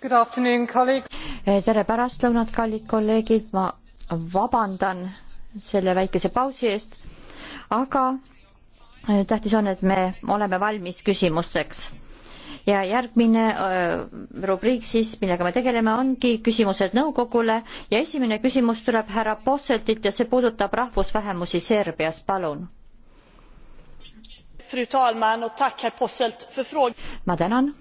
Eh, tere pärastlõunat, kallid kolleegid, ma vabandan selle väikese pausi eest, aga eh, tähtis on, et me oleme valmis küsimusteks. ja järgmine eh, rubriik siis, millega me tegeleme, ongi küsimused nõukogule ja esimene küsimus tuleb härra Posseltilt ja see puudutab rahvusvähemusi Serbias, palun. ma tänan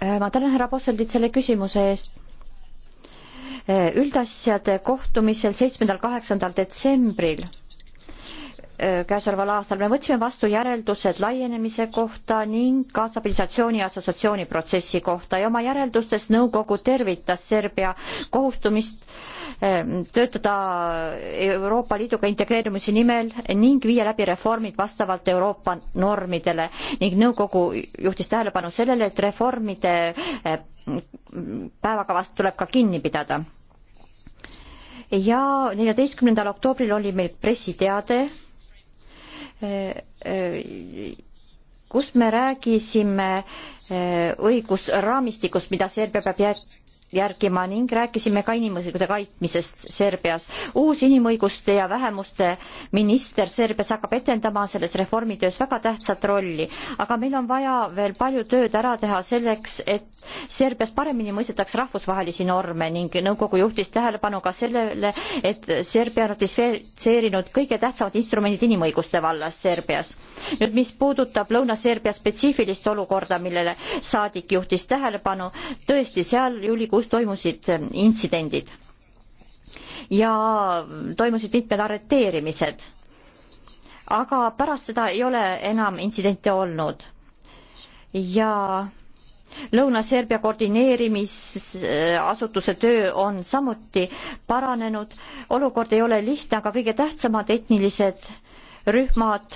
Äh, ma tänan härra Posseldit selle küsimuse eest. Äh, üldasjade kohtumisel seitsmendal, kaheksandal detsembril Äh, käesoleval aastal me võtsime vastu järeldused laienemise kohta ning ka stabilisatsiooni ja assotsiatsiooni protsessi kohta ja oma järeldustes nõukogu tervitas Serbia kohustumist äh, töötada Euroopa Liiduga integreerumise nimel ning viia läbi reformid vastavalt Euroopa normidele ning nõukogu juhtis tähelepanu sellele, et reformide äh, päevakavast tuleb ka kinni pidada ja neljateistkümnendal oktoobril oli meil pressiteade kus me räägisime eh, õigusraamistikust, mida Serbia peab jät-, järgima ning rääkisime ka inimõiguste kaitmisest Serbias. uus inimõiguste ja vähemuste minister Serbias hakkab etendama selles reformitöös väga tähtsat rolli, aga meil on vaja veel palju tööd ära teha selleks, et Serbias paremini mõistetaks rahvusvahelisi norme ning nõukogu juhtis tähelepanu ka sellele, et Serbia on ratifitseerinud kõige tähtsamad instrumendid inimõiguste vallas Serbias. nüüd, mis puudutab Lõuna-Serbia spetsiifilist olukorda, millele saadik juhtis tähelepanu, tõesti, seal juulikuus kus toimusid intsidendid ja toimusid mitmed arreteerimised. aga pärast seda ei ole enam intsidente olnud ja Lõuna-Serbia koordineerimisasutuse töö on samuti paranenud, olukord ei ole lihtne, aga kõige tähtsamad etnilised rühmad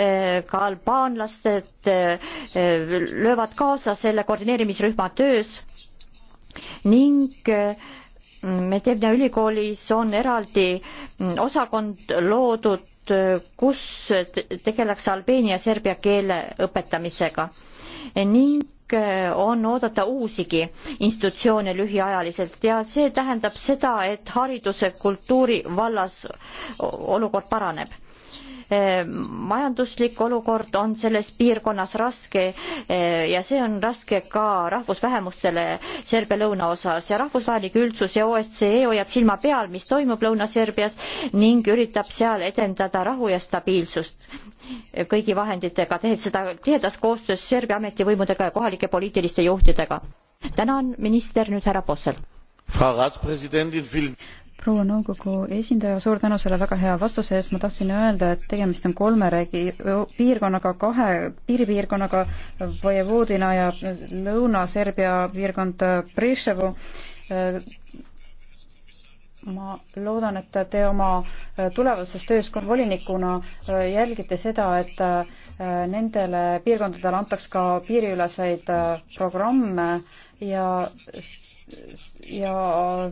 eh, ka albaanlased eh, eh, löövad kaasa selle koordineerimisrühma töös ning mm, Medevna ülikoolis on eraldi mm, osakond loodud, kus tegeldakse albeenia serbia keele õpetamisega ning on oodata uusigi institutsioone lühiajaliselt ja see tähendab seda, et hariduse, kultuuri vallas olukord paraneb majanduslik olukord on selles piirkonnas raske eh, ja see on raske ka rahvusvähemustele Serbia lõunaosas ja rahvusvahelik üldsus ja OSCE hoiab silma peal, mis toimub Lõuna-Serbias ning üritab seal edendada rahu ja stabiilsust kõigi vahenditega, tehes seda tihedas koostöös Serbia ametivõimudega ja kohalike poliitiliste juhtidega. tänan minister, nüüd härra Possel proua nõukogu esindaja, suur tänu selle väga hea vastuse eest, ma tahtsin öelda, et tegemist on kolme regi-, piirkonnaga, kahe piiripiirkonnaga, Vojvodina ja Lõuna-Serbia piirkond Priševu. ma loodan, et te oma tulevases töös volinikuna jälgite seda, et äh, nendele piirkondadele antaks ka piiriüleseid äh, programme ja ja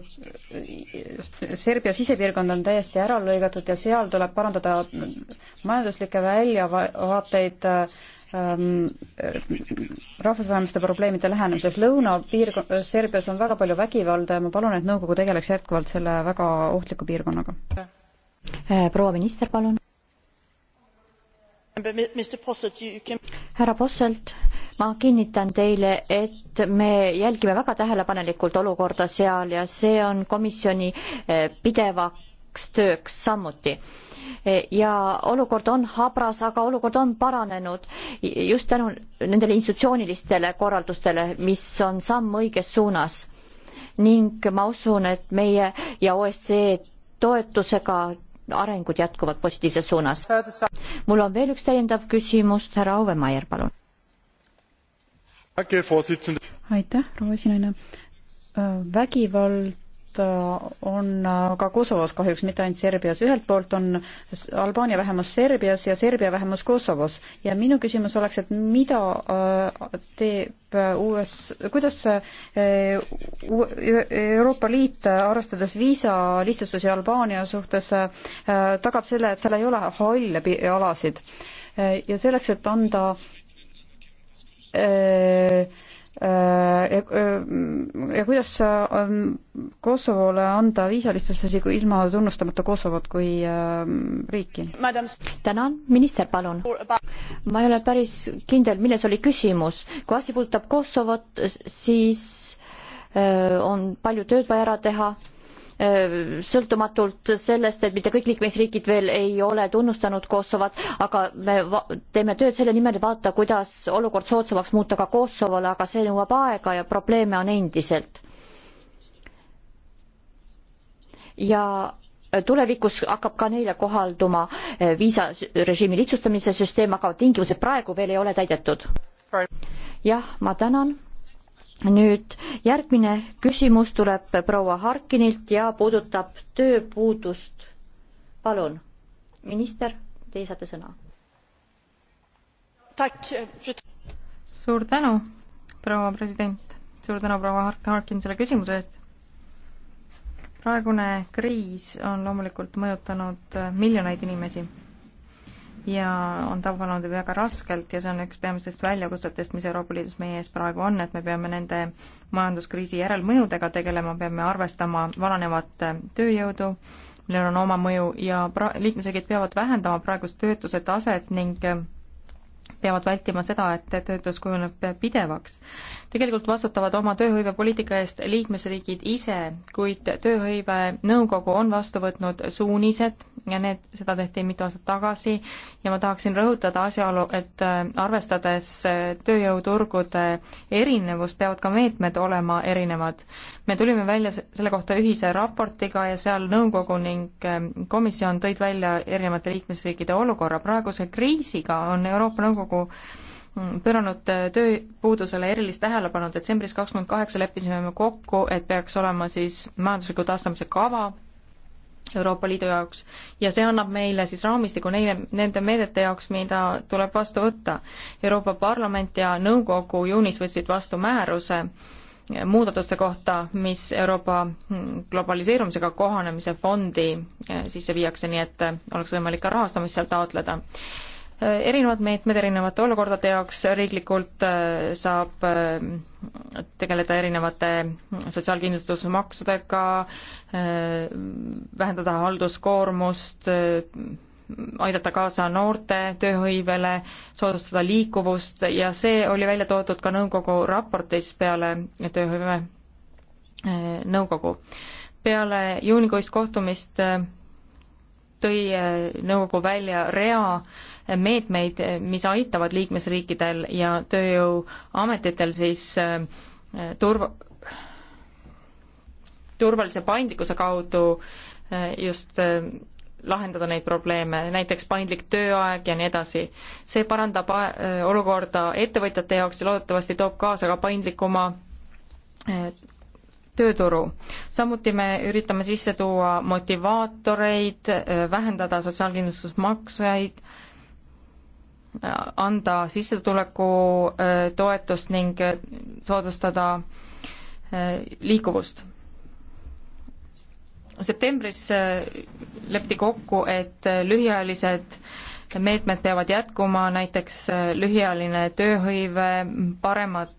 Serbia sisepiirkond on täiesti ära lõigatud ja seal tuleb parandada majanduslikke väljavaateid ähm, rahvusvaheliste probleemide lähenemises. Lõunapiirkond, Serbias on väga palju vägivalda ja ma palun, et nõukogu tegeleks jätkuvalt selle väga ohtliku piirkonnaga. proua minister, palun härra Posselt, ma kinnitan teile, et me jälgime väga tähelepanelikult olukorda seal ja see on komisjoni eh, pidevaks tööks samuti eh, ja olukord on habras, aga olukord on paranenud just tänu nendele institutsioonilistele korraldustele, mis on samm õiges suunas. ning ma usun, et meie ja OSCE toetusega arengud jätkuvad positiivses suunas mul on veel üks täiendav küsimus, härra Auvemaier, palun. aitäh, proua esinaine. Äh, vägivald Äh, on äh, ka Kosovos kahjuks, mitte ainult Serbias. ühelt poolt on Albaania vähemus Serbias ja Serbia vähemus Kosovos ja minu küsimus oleks, et mida äh, teeb US, kuidas Euroopa Liit, arvestades viisalihtsustusi Albaania suhtes, tagab selle, et seal ei ole halle alasid ja selleks, et anda öö, Äh, ja, äh, ja kuidas sa ähm, Kosovole anda viisalistustusi ilma tunnustamata Kosovot kui ähm, riiki? tänan, minister, palun. ma ei ole päris kindel, milles oli küsimus. kui asi puudutab Kosovot, siis äh, on palju tööd vaja ära teha Äh, sõltumatult sellest, et mitte kõik liikmesriigid veel ei ole tunnustanud Kosovot, aga me teeme tööd selle nimel, et vaadata, kuidas olukord soodsamaks muuta ka Kosovole, aga see nõuab aega ja probleeme on endiselt. ja tulevikus hakkab ka neile kohalduma äh, viisarežiimi lihtsustamise süsteem, aga tingimused praegu veel ei ole täidetud. jah, ma tänan nüüd järgmine küsimus tuleb proua Harkinilt ja puudutab tööpuudust. palun, minister, teie saate sõna. suur tänu, proua president, suur tänu, proua Harkin, selle küsimuse eest. praegune kriis on loomulikult mõjutanud miljoneid inimesi ja on tabanud väga raskelt ja see on üks peamistest väljakutsetest, mis Euroopa Liidus meie ees praegu on, et me peame nende majanduskriisi järelmõjudega tegelema, peame arvestama vananevat tööjõudu, millel on oma mõju ja pra-, liikmesriigid peavad vähendama praegust töötuse taset ning peavad vältima seda, et töötus kujuneb pidevaks. tegelikult vastutavad oma tööhõivepoliitika eest liikmesriigid ise, kuid Tööhõivenõukogu on vastu võtnud suunised ja need, seda tehti mitu aastat tagasi ja ma tahaksin rõhutada asjaolu, et äh, arvestades äh, tööjõuturgude erinevust, peavad ka meetmed olema erinevad. me tulime välja selle kohta ühise raportiga ja seal nõukogu ning äh, komisjon tõid välja erinevate liikmesriikide olukorra. praeguse kriisiga on Euroopa Nõukogu nõukogu mm, pööranud äh, tööpuudusele erilist tähelepanu, detsembris kakskümmend kaheksa leppisime me kokku, et peaks olema siis majandusliku taastamise kava Euroopa Liidu jaoks ja see annab meile siis raamistiku neile, nende meedete jaoks, mida tuleb vastu võtta. Euroopa Parlament ja Nõukogu juunis võtsid vastu määruse äh, muudatuste kohta, mis Euroopa mm, globaliseerumisega kohanemise fondi äh, sisse viiakse, nii et oleks võimalik ka rahastamist seal taotleda Äh, erinevad meetmed erinevate olukordade jaoks, riiklikult äh, saab äh, tegeleda erinevate sotsiaalkindlustusmaksudega, vähendada halduskoormust, aidata kaasa noorte tööhõivele, soodustada liikuvust ja see oli välja toodud ka nõukogu raportis peale tööhõive nõukogu. peale juunikuist kohtumist tõi nõukogu välja rea äh, meetmeid, mis aitavad liikmesriikidel ja tööjõuametitel siis äh, turv-, turvalise paindlikkuse kaudu äh, just äh, lahendada neid probleeme, näiteks paindlik tööaeg ja nii edasi. see parandab olukorda ettevõtjate jaoks ja loodetavasti toob kaasa ka paindlikuma tööturu. samuti me üritame sisse tuua motivaatoreid, vähendada sotsiaalkindlustusmakseid, anda sissetuleku äh, toetust ning äh, soodustada äh, liikuvust. septembris lepiti kokku, et lühiajalised meetmed peavad jätkuma, näiteks lühiajaline tööhõive, paremad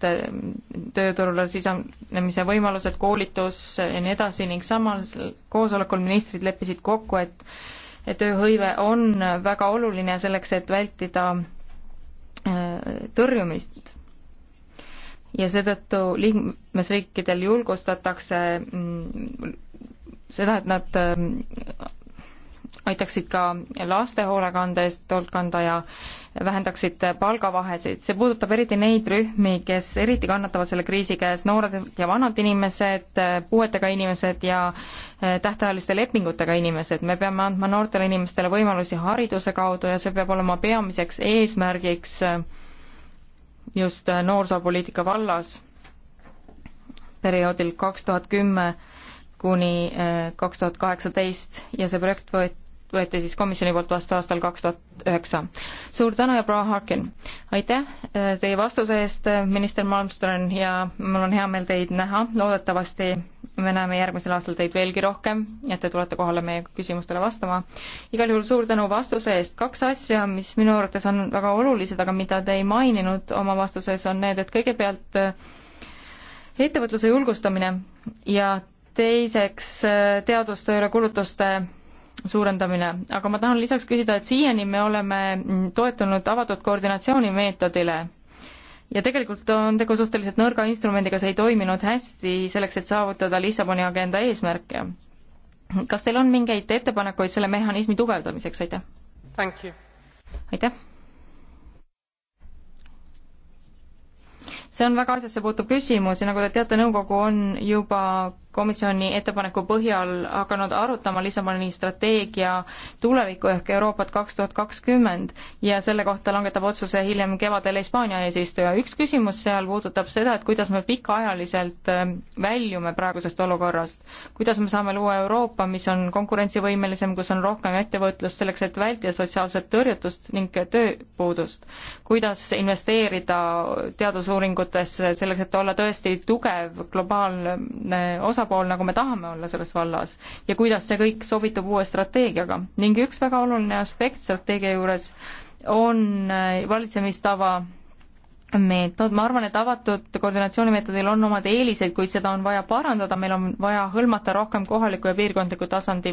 tööturule sisenemise võimalused, koolitus ja nii edasi ning samal koosolekul ministrid leppisid kokku, et tööhõive on väga oluline selleks, et vältida äh, tõrjumist. ja seetõttu liikmesriikidel julgustatakse mm, seda, et nad ähm, aitaksid ka laste hoolekande eest hoolt kanda ja vähendaksid palgavahesid. see puudutab eriti neid rühmi, kes eriti kannatavad selle kriisi käes, noored ja vanad inimesed, puuetega inimesed ja eh, tähtajaliste lepingutega inimesed. me peame andma noortele inimestele võimalusi hariduse kaudu ja see peab olema peamiseks eesmärgiks eh, just eh, noorsoopoliitika vallas perioodil kaks tuhat kümme kuni kaks tuhat kaheksateist ja see projekt võeti võeti siis komisjoni poolt vastu aastal kaks tuhat üheksa. suur tänu ja proua Harkin! aitäh äh, teie vastuse eest, äh, minister Malmström, ja mul on hea meel teid näha, loodetavasti me näeme järgmisel aastal teid veelgi rohkem, et te tulete kohale meie küsimustele vastama. igal juhul suur tänu vastuse eest, kaks asja, mis minu arvates on väga olulised, aga mida te ei maininud oma vastuses, on need, et kõigepealt äh, ettevõtluse julgustamine ja teiseks teadustööle kulutuste suurendamine, aga ma tahan lisaks küsida, et siiani me oleme toetunud avatud koordinatsioonimeetodile ja tegelikult on tegu suhteliselt nõrga instrumendiga, see ei toiminud hästi selleks, et saavutada Lissaboni agenda eesmärke. kas teil on mingeid ettepanekuid selle mehhanismi tugevdamiseks, aitäh? aitäh! see on väga asjasse puutuv küsimus ja nagu te teate, nõukogu on juba komisjoni ettepaneku põhjal hakanud arutama Lissaboni strateegia tulevikku ehk Euroopat kaks tuhat kakskümmend ja selle kohta langetab otsuse hiljem kevadel Hispaania eesistuja. üks küsimus seal puudutab seda, et kuidas me pikaajaliselt äh, väljume praegusest olukorrast. kuidas me saame luua Euroopa, mis on konkurentsivõimelisem, kus on rohkem ettevõtlust selleks, et vältida sotsiaalset tõrjutust ning tööpuudust. kuidas investeerida teadusuuringutesse selleks, et olla tõesti tugev globaalne osa osapool, nagu me tahame olla selles vallas ja kuidas see kõik sobitub uue strateegiaga. ning üks väga oluline aspekt strateegia juures on äh, valitsemistava meetod, ma arvan, et avatud koordinatsioonimeetodil on omad eelised, kuid seda on vaja parandada, meil on vaja hõlmata rohkem kohaliku ja piirkondliku tasandi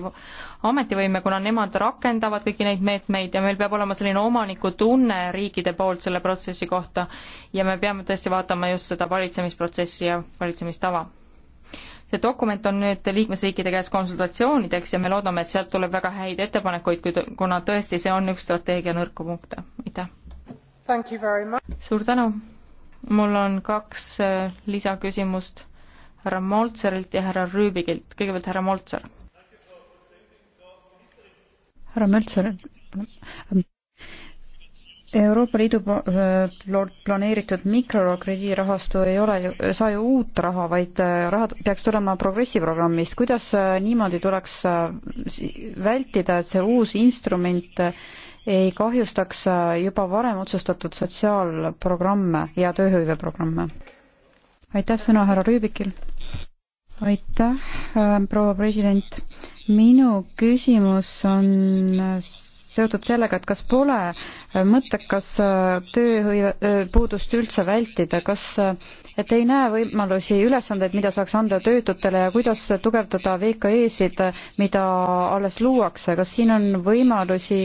ametivõime, kuna nemad rakendavad kõiki neid meetmeid ja meil peab olema selline omanikutunne riikide poolt selle protsessi kohta ja me peame tõesti vaatama just seda valitsemisprotsessi ja valitsemistava see dokument on nüüd liikmesriikide käes konsultatsioonideks ja me loodame, et sealt tuleb väga häid ettepanekuid, kui, kuna tõesti see on üks strateegia nõrku punkte. aitäh! suur tänu! mul on kaks äh, lisaküsimust härra Moltserilt ja härra Rüübigilt. kõigepealt härra Moltser. härra Möltser, Euroopa Liidu planeeritud mikrokrediidirahastu ei ole, ei saa ju uut raha, vaid rahad peaks tulema progressi programmist. kuidas niimoodi tuleks vältida, et see uus instrument ei kahjustaks juba varem otsustatud sotsiaalprogramme ja tööhõiveprogramme? aitäh sõna härra Rüübikil. aitäh, proua president. minu küsimus on seotud sellega, et kas pole mõttekas äh, tööpuudust äh, üldse vältida, kas äh, et ei näe võimalusi, ülesandeid, mida saaks anda töötutele ja kuidas tugevdada VKE-sid, mida alles luuakse, kas siin on võimalusi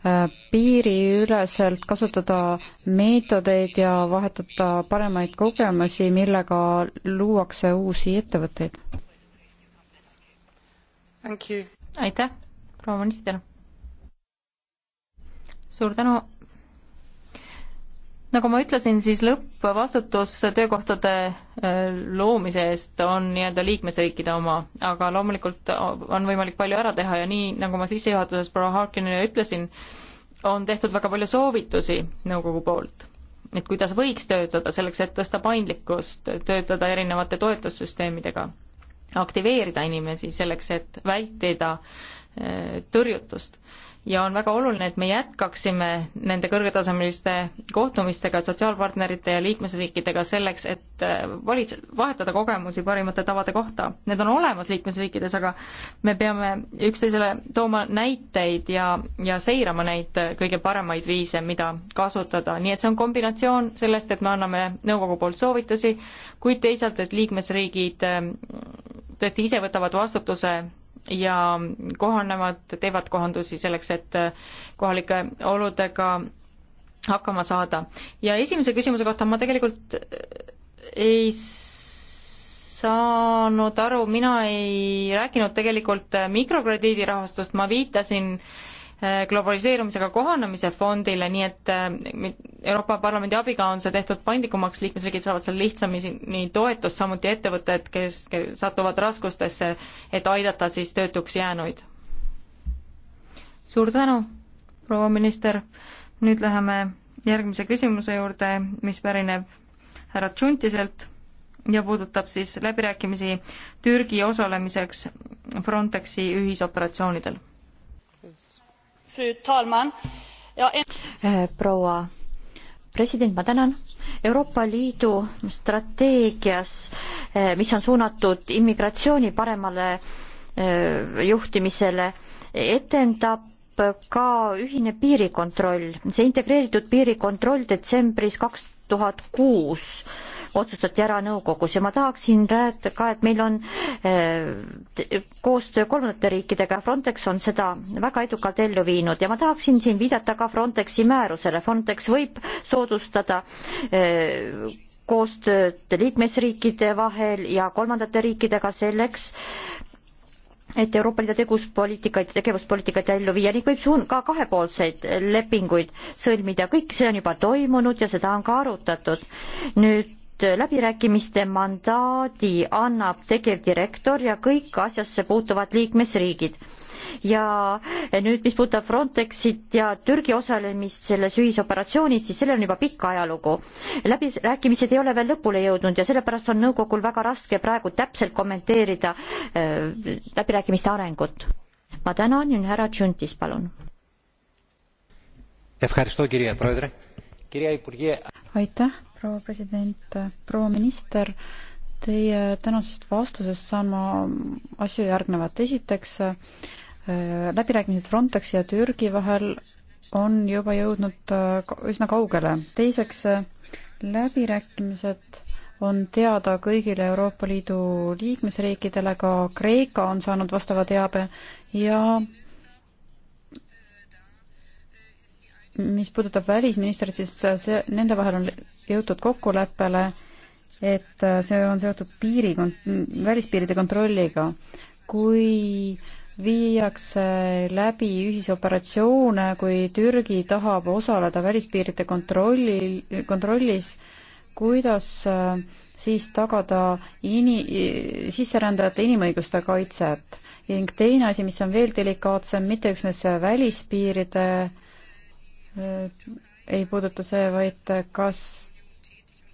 piiriüleselt kasutada meetodeid ja vahetada paremaid kogemusi, millega luuakse uusi ettevõtteid? aitäh, proua minister suur tänu. nagu ma ütlesin, siis lõppvastutus töökohtade äh, loomise eest on nii-öelda liikmesriikide oma, aga loomulikult on võimalik palju ära teha ja nii, nagu ma sissejuhatuses proua Harkinile ütlesin, on tehtud väga palju soovitusi nõukogu poolt, et kuidas võiks töötada selleks, et tõsta paindlikkust, töötada erinevate toetussüsteemidega, aktiveerida inimesi selleks, et vältida äh, tõrjutust ja on väga oluline, et me jätkaksime nende kõrgetasemeliste kohtumistega sotsiaalpartnerite ja liikmesriikidega selleks, et äh, valits-, vahetada kogemusi parimate tavade kohta. Need on olemas liikmesriikides, aga me peame üksteisele tooma näiteid ja, ja seirama neid kõige paremaid viise, mida kasutada, nii et see on kombinatsioon sellest, et me anname nõukogu poolt soovitusi, kuid teisalt, et liikmesriigid ähm, tõesti ise võtavad vastutuse ja kohanevad, teevad kohandusi selleks, et äh, kohalike oludega hakkama saada. ja esimese küsimuse kohta ma tegelikult äh, ei saanud aru, mina ei rääkinud tegelikult äh, mikrokrediidirahastust, ma viitasin äh, Äh, globaliseerumisega kohanemise fondile, nii et äh, Euroopa Parlamendi abiga on see tehtud paindlikumaks, liikmesriigid saavad seal lihtsamini toetust, samuti ettevõtted, kes, kes satuvad raskustesse, et aidata siis töötuks jäänuid. suur tänu, proua minister, nüüd läheme järgmise küsimuse juurde, mis pärineb härra Tšuntiselt ja puudutab siis läbirääkimisi Türgi osalemiseks Frontexi ühisoperatsioonidel Eh, proua president, ma tänan. Euroopa Liidu strateegias, eh, mis on suunatud immigratsiooni paremale eh, juhtimisele, etendab ka ühine piirikontroll. see integreeritud piirikontroll detsembris kaks tuhat kuus otsustati ära nõukogus ja ma tahaksin rääkida ka, et meil on äh, koostöö kolmandate riikidega, Frontex on seda väga edukalt ellu viinud ja ma tahaksin siin viidata ka Frontexi määrusele, Frontex võib soodustada äh, koostööd liikmesriikide vahel ja kolmandate riikidega selleks, et Euroopa Liidu teguspoliitikaid, tegevuspoliitikaid ellu viia, neid võib suun-, ka kahepoolseid lepinguid sõlmida, kõik see on juba toimunud ja seda on ka arutatud. nüüd läbirääkimiste mandaadi annab tegevdirektor ja kõik asjasse puutuvad liikmesriigid. ja nüüd, mis puudutab Frontexit ja Türgi osalemist selles ühisoperatsioonis, siis sellel on juba pikk ajalugu. läbirääkimised ei ole veel lõpule jõudnud ja sellepärast on nõukogul väga raske praegu täpselt kommenteerida äh, läbirääkimiste arengut. ma tänan ja härra Tšuntis, palun. aitäh proua president, proua minister, teie tänasest vastusest saan ma asju järgnevat. esiteks, äh, läbirääkimised Frontexi ja Türgi vahel on juba jõudnud äh, üsna kaugele. teiseks, äh, läbirääkimised on teada kõigile Euroopa Liidu liikmesriikidele, ka Kreeka on saanud vastava teabe ja mis puudutab välisministrit, siis see, nende vahel on jõutud kokkuleppele, et see on seotud piiri, välispiiride kontrolliga. kui viiakse läbi ühisoperatsioone, kui Türgi tahab osaleda välispiiride kontrolli, kontrollis, kuidas äh, siis tagada ini-, sisserändajate inimõiguste kaitset? ning teine asi, mis on veel delikaatsem, mitte üksnes välispiiride äh, Äh, ei puuduta see, vaid kas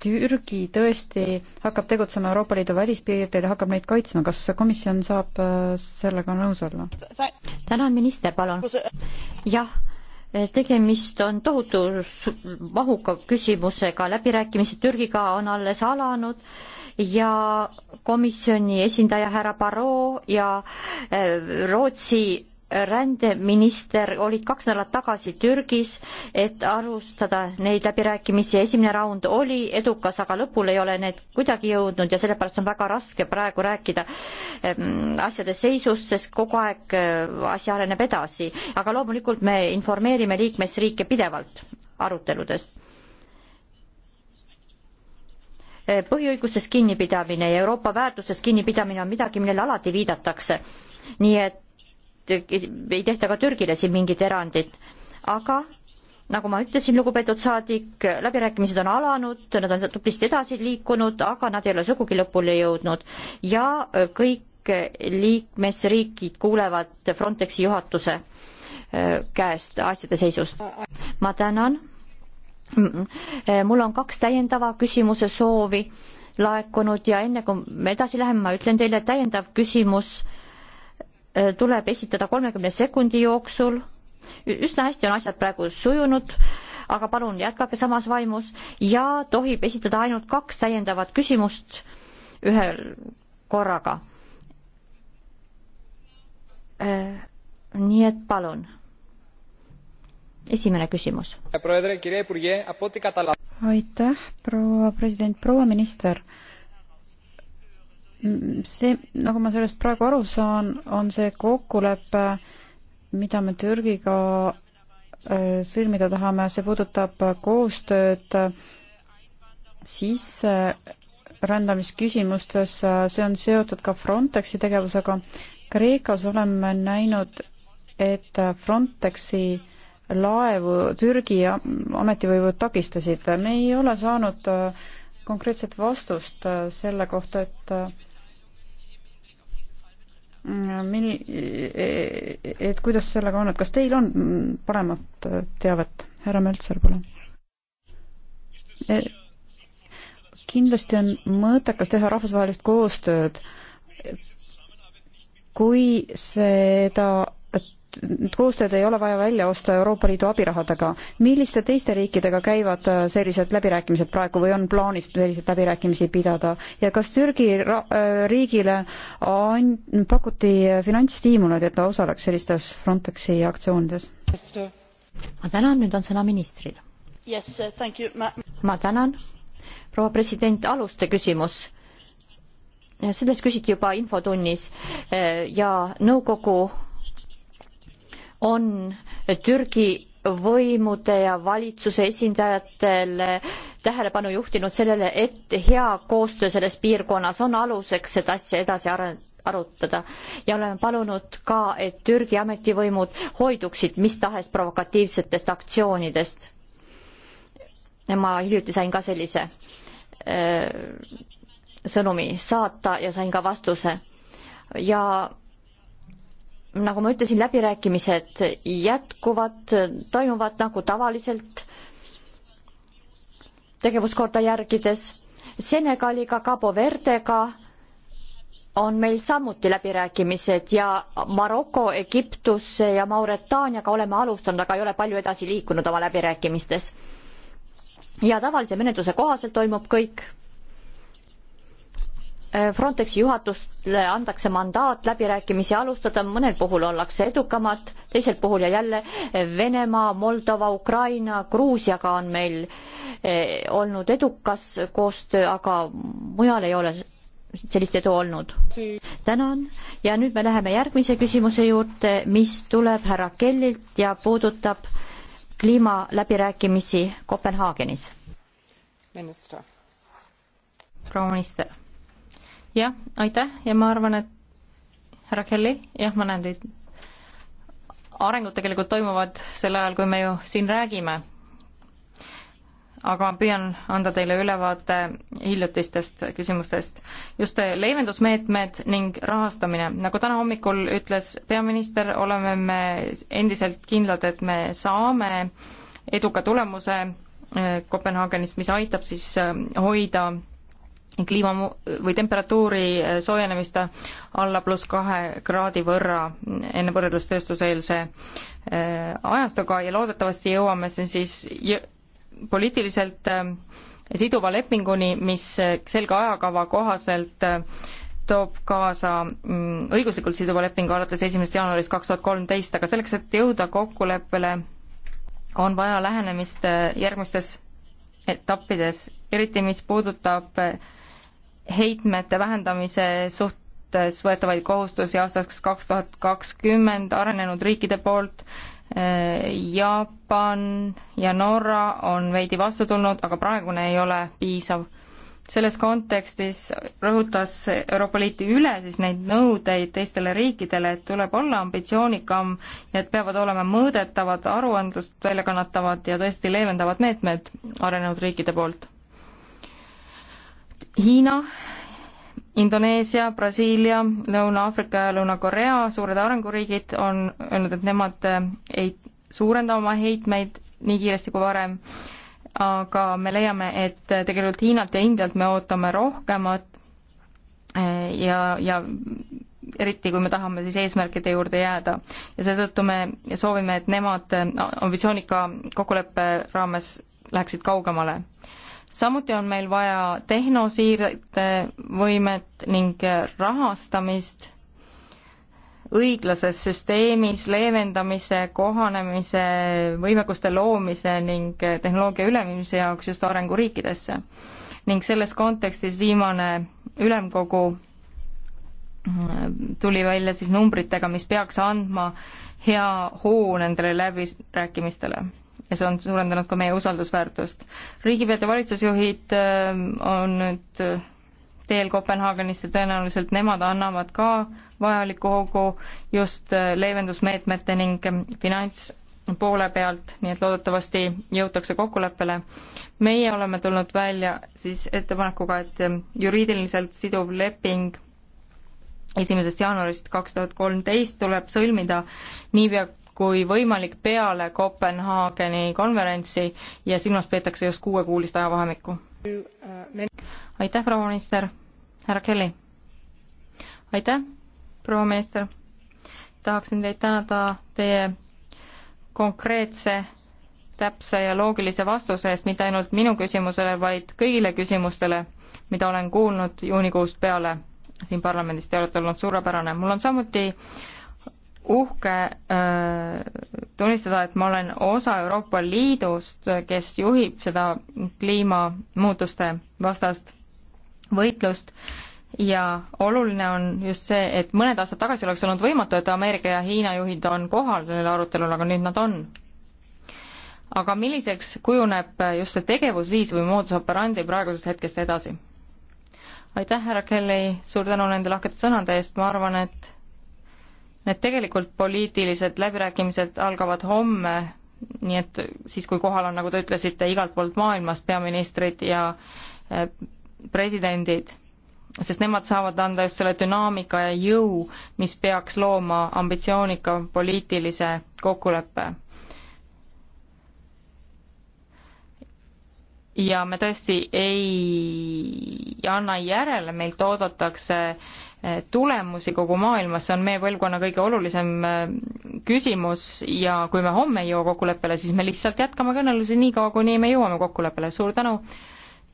Türgi tõesti hakkab tegutsema Euroopa Liidu välispiiridel ja hakkab neid kaitsma, kas komisjon saab äh, sellega nõus olla? tänan, minister, palun. jah, äh, tegemist on tohutu mahuka küsimusega, läbirääkimised Türgiga on alles alanud ja komisjoni esindaja härra Barrot ja Rootsi rändeminister olid kaks nädalat tagasi Türgis, et alustada neid läbirääkimisi. esimene raund oli edukas, aga lõpule ei ole need kuidagi jõudnud ja sellepärast on väga raske praegu rääkida ehm, asjade seisust, sest kogu aeg ehm, asi areneb edasi. aga loomulikult me informeerime liikmesriike pidevalt aruteludest ehm, põhiõigustest kinnipidamine ja Euroopa väärtustest kinnipidamine on midagi, millele alati viidatakse. nii et ei tehta ka Türgile siin mingit erandit, aga nagu ma ütlesin, lugupeetud saadik, läbirääkimised on alanud, nad on tublisti edasi liikunud, aga nad ei ole sugugi lõpule jõudnud ja kõik liikmesriigid kuulevad Frontexi juhatuse äh, käest asjade seisust. ma tänan. mul on kaks täiendava küsimuse soovi laekunud ja enne kui me edasi läheme, ma ütlen teile, et täiendav küsimus Äh, tuleb esitada kolmekümne sekundi jooksul. üsna hästi on asjad praegu sujunud, aga palun jätkake samas vaimus ja tohib esitada ainult kaks täiendavat küsimust ühel korraga. Äh, nii et palun. esimene küsimus. aitäh, proua president, proua minister see, nagu ma sellest praegu aru saan, on see kokkulepe, mida me Türgiga äh, sõlmida tahame, see puudutab koostööd sisserändamisküsimustes, see on seotud ka Frontexi tegevusega. Kreekas oleme näinud, et Frontexi laevu Türgi ametivõivud takistasid. me ei ole saanud äh, konkreetset vastust äh, selle kohta, et mil-, e-, et kuidas sellega on, et kas teil on paremat teavet? härra Möltser, palun. E-, kindlasti on mõttekas teha rahvusvahelist koostööd, kui seda koostööd ei ole vaja välja osta Euroopa Liidu abirahadega. milliste teiste riikidega käivad äh, sellised läbirääkimised praegu või on plaanis selliseid läbirääkimisi pidada ja kas Türgi äh, riigile on, pakuti finantsstiimuleid, et ta osaleks sellistes Frontexi aktsioonides? ma tänan, nüüd on sõna ministril yes,. Ma... ma tänan, proua president, aluste küsimus sellest küsiti juba infotunnis äh, ja nõukogu on Türgi võimude ja valitsuse esindajatele tähelepanu juhtinud sellele, et hea koostöö selles piirkonnas on aluseks seda asja edasi arutada ja oleme palunud ka, et Türgi ametivõimud hoiduksid mis tahes provokatiivsetest aktsioonidest. ma hiljuti sain ka sellise öö, äh, sõnumi saata ja sain ka vastuse ja nagu ma ütlesin, läbirääkimised jätkuvad, toimuvad nagu tavaliselt tegevuskorda järgides. Senegaliga, Cabo Verdega on meil samuti läbirääkimised ja Maroko, Egiptuse ja Mauretaaniaga oleme alustanud, aga ei ole palju edasi liikunud oma läbirääkimistes. ja tavalise menetluse kohaselt toimub kõik Äh, Frontexi juhatusele antakse mandaat läbirääkimisi alustada, mõnel puhul ollakse edukamad, teisel puhul ja jälle äh, Venemaa, Moldova, Ukraina, Gruusiaga on meil äh, olnud edukas koostöö, aga mujal ei ole sellist edu olnud. tänan ja nüüd me läheme järgmise küsimuse juurde, mis tuleb härra Kellilt ja puudutab kliimaläbirääkimisi Kopenhaagenis. proua minister jah, aitäh ja ma arvan, et härra Kelly, jah, ma näen teid. arengud tegelikult toimuvad sel ajal, kui me ju siin räägime. aga püüan anda teile ülevaate hiljutistest küsimustest. just leevendusmeetmed ning rahastamine. nagu täna hommikul ütles peaminister, oleme me endiselt kindlad, et me saame eduka tulemuse eh, Kopenhaagenist, mis aitab siis eh, hoida kliima või temperatuuri äh, soojenemist alla pluss kahe kraadi võrra äh, enne võrreldes tööstuseelse äh, ajastuga ja loodetavasti jõuame siin siis poliitiliselt siduva lepinguni, mis selge ajakava kohaselt toob kaasa mm, õiguslikult siduva lepingu alates esimesest jaanuarist kaks tuhat kolmteist, aga selleks, et jõuda kokkuleppele, on vaja lähenemist järgmistes etappides, eriti mis puudutab heitmete vähendamise suhtes võetavaid kohustusi aastaks kaks tuhat kakskümmend arenenud riikide poolt. Jaapan ja Norra on veidi vastu tulnud, aga praegune ei ole piisav. selles kontekstis rõhutas Euroopa Liit üle siis neid nõudeid teistele riikidele, et tuleb olla ambitsioonikam ja et peavad olema mõõdetavad, aruandlust välja kannatavad ja tõesti leevendavad meetmed arenenud riikide poolt Hiina, Indoneesia, Brasiilia, Lõuna-Aafrika ja Lõuna-Korea, suured arenguriigid on öelnud, et nemad äh, ei suurenda oma heitmeid nii kiiresti kui varem, aga me leiame, et äh, tegelikult Hiinalt ja Indialt me ootame rohkemat äh, ja, ja eriti kui me tahame siis eesmärkide juurde jääda. ja seetõttu me soovime, et nemad ambitsioonika kokkuleppe raames läheksid kaugemale samuti on meil vaja tehnosiirete võimet ning rahastamist õiglases süsteemis leevendamise, kohanemise, võimekuste loomise ning tehnoloogia üleviimise jaoks just arenguriikidesse. ning selles kontekstis viimane ülemkogu mm, tuli välja siis numbritega, mis peaks andma hea hoo nendele läbirääkimistele ja see on suurendanud ka meie usaldusväärtust. riigipead ja valitsusjuhid ähm, on nüüd äh, teel Kopenhaagenisse, tõenäoliselt nemad annavad ka vajaliku hoogu just äh, leevendusmeetmete ning ähm, finantspoole pealt, nii et loodetavasti jõutakse kokkuleppele. meie oleme tulnud välja siis ettepanekuga, et ähm, juriidiliselt siduv leping esimesest jaanuarist kaks tuhat kolmteist tuleb sõlmida niipea, kui võimalik peale Kopenhaageni konverentsi ja silmas peetakse just kuuekuulist ajavahemikku. aitäh, proua minister, härra Kelly. aitäh, proua minister. tahaksin teid tänada teie konkreetse täpse ja loogilise vastuse eest mitte ainult minu küsimusele, vaid kõigile küsimustele, mida olen kuulnud juunikuust peale siin parlamendis, te olete olnud suurepärane. mul on samuti uhke äh, tunnistada, et ma olen osa Euroopa Liidust, kes juhib seda kliimamuutuste vastast võitlust ja oluline on just see, et mõned aastad tagasi oleks olnud võimatu, et Ameerika ja Hiina juhid on kohal sellel arutelul, aga nüüd nad on. aga milliseks kujuneb just see tegevusviis või moodus operandi praegusest hetkest edasi? aitäh, härra Kelly, suur tänu nende lahkete sõnade eest, ma arvan, et Need tegelikult poliitilised läbirääkimised algavad homme, nii et siis, kui kohal on, nagu te ütlesite, igalt poolt maailmast peaministrid ja eh, presidendid, sest nemad saavad anda just selle dünaamika ja jõu, mis peaks looma ambitsioonika poliitilise kokkuleppe ja me tõesti ei anna järele, meilt oodatakse tulemusi kogu maailmas, see on meie põlvkonna kõige olulisem äh, küsimus ja kui me homme ei jõua kokkuleppele, siis me lihtsalt jätkame kõnelusi niikaua, kuni me jõuame kokkuleppele, suur tänu!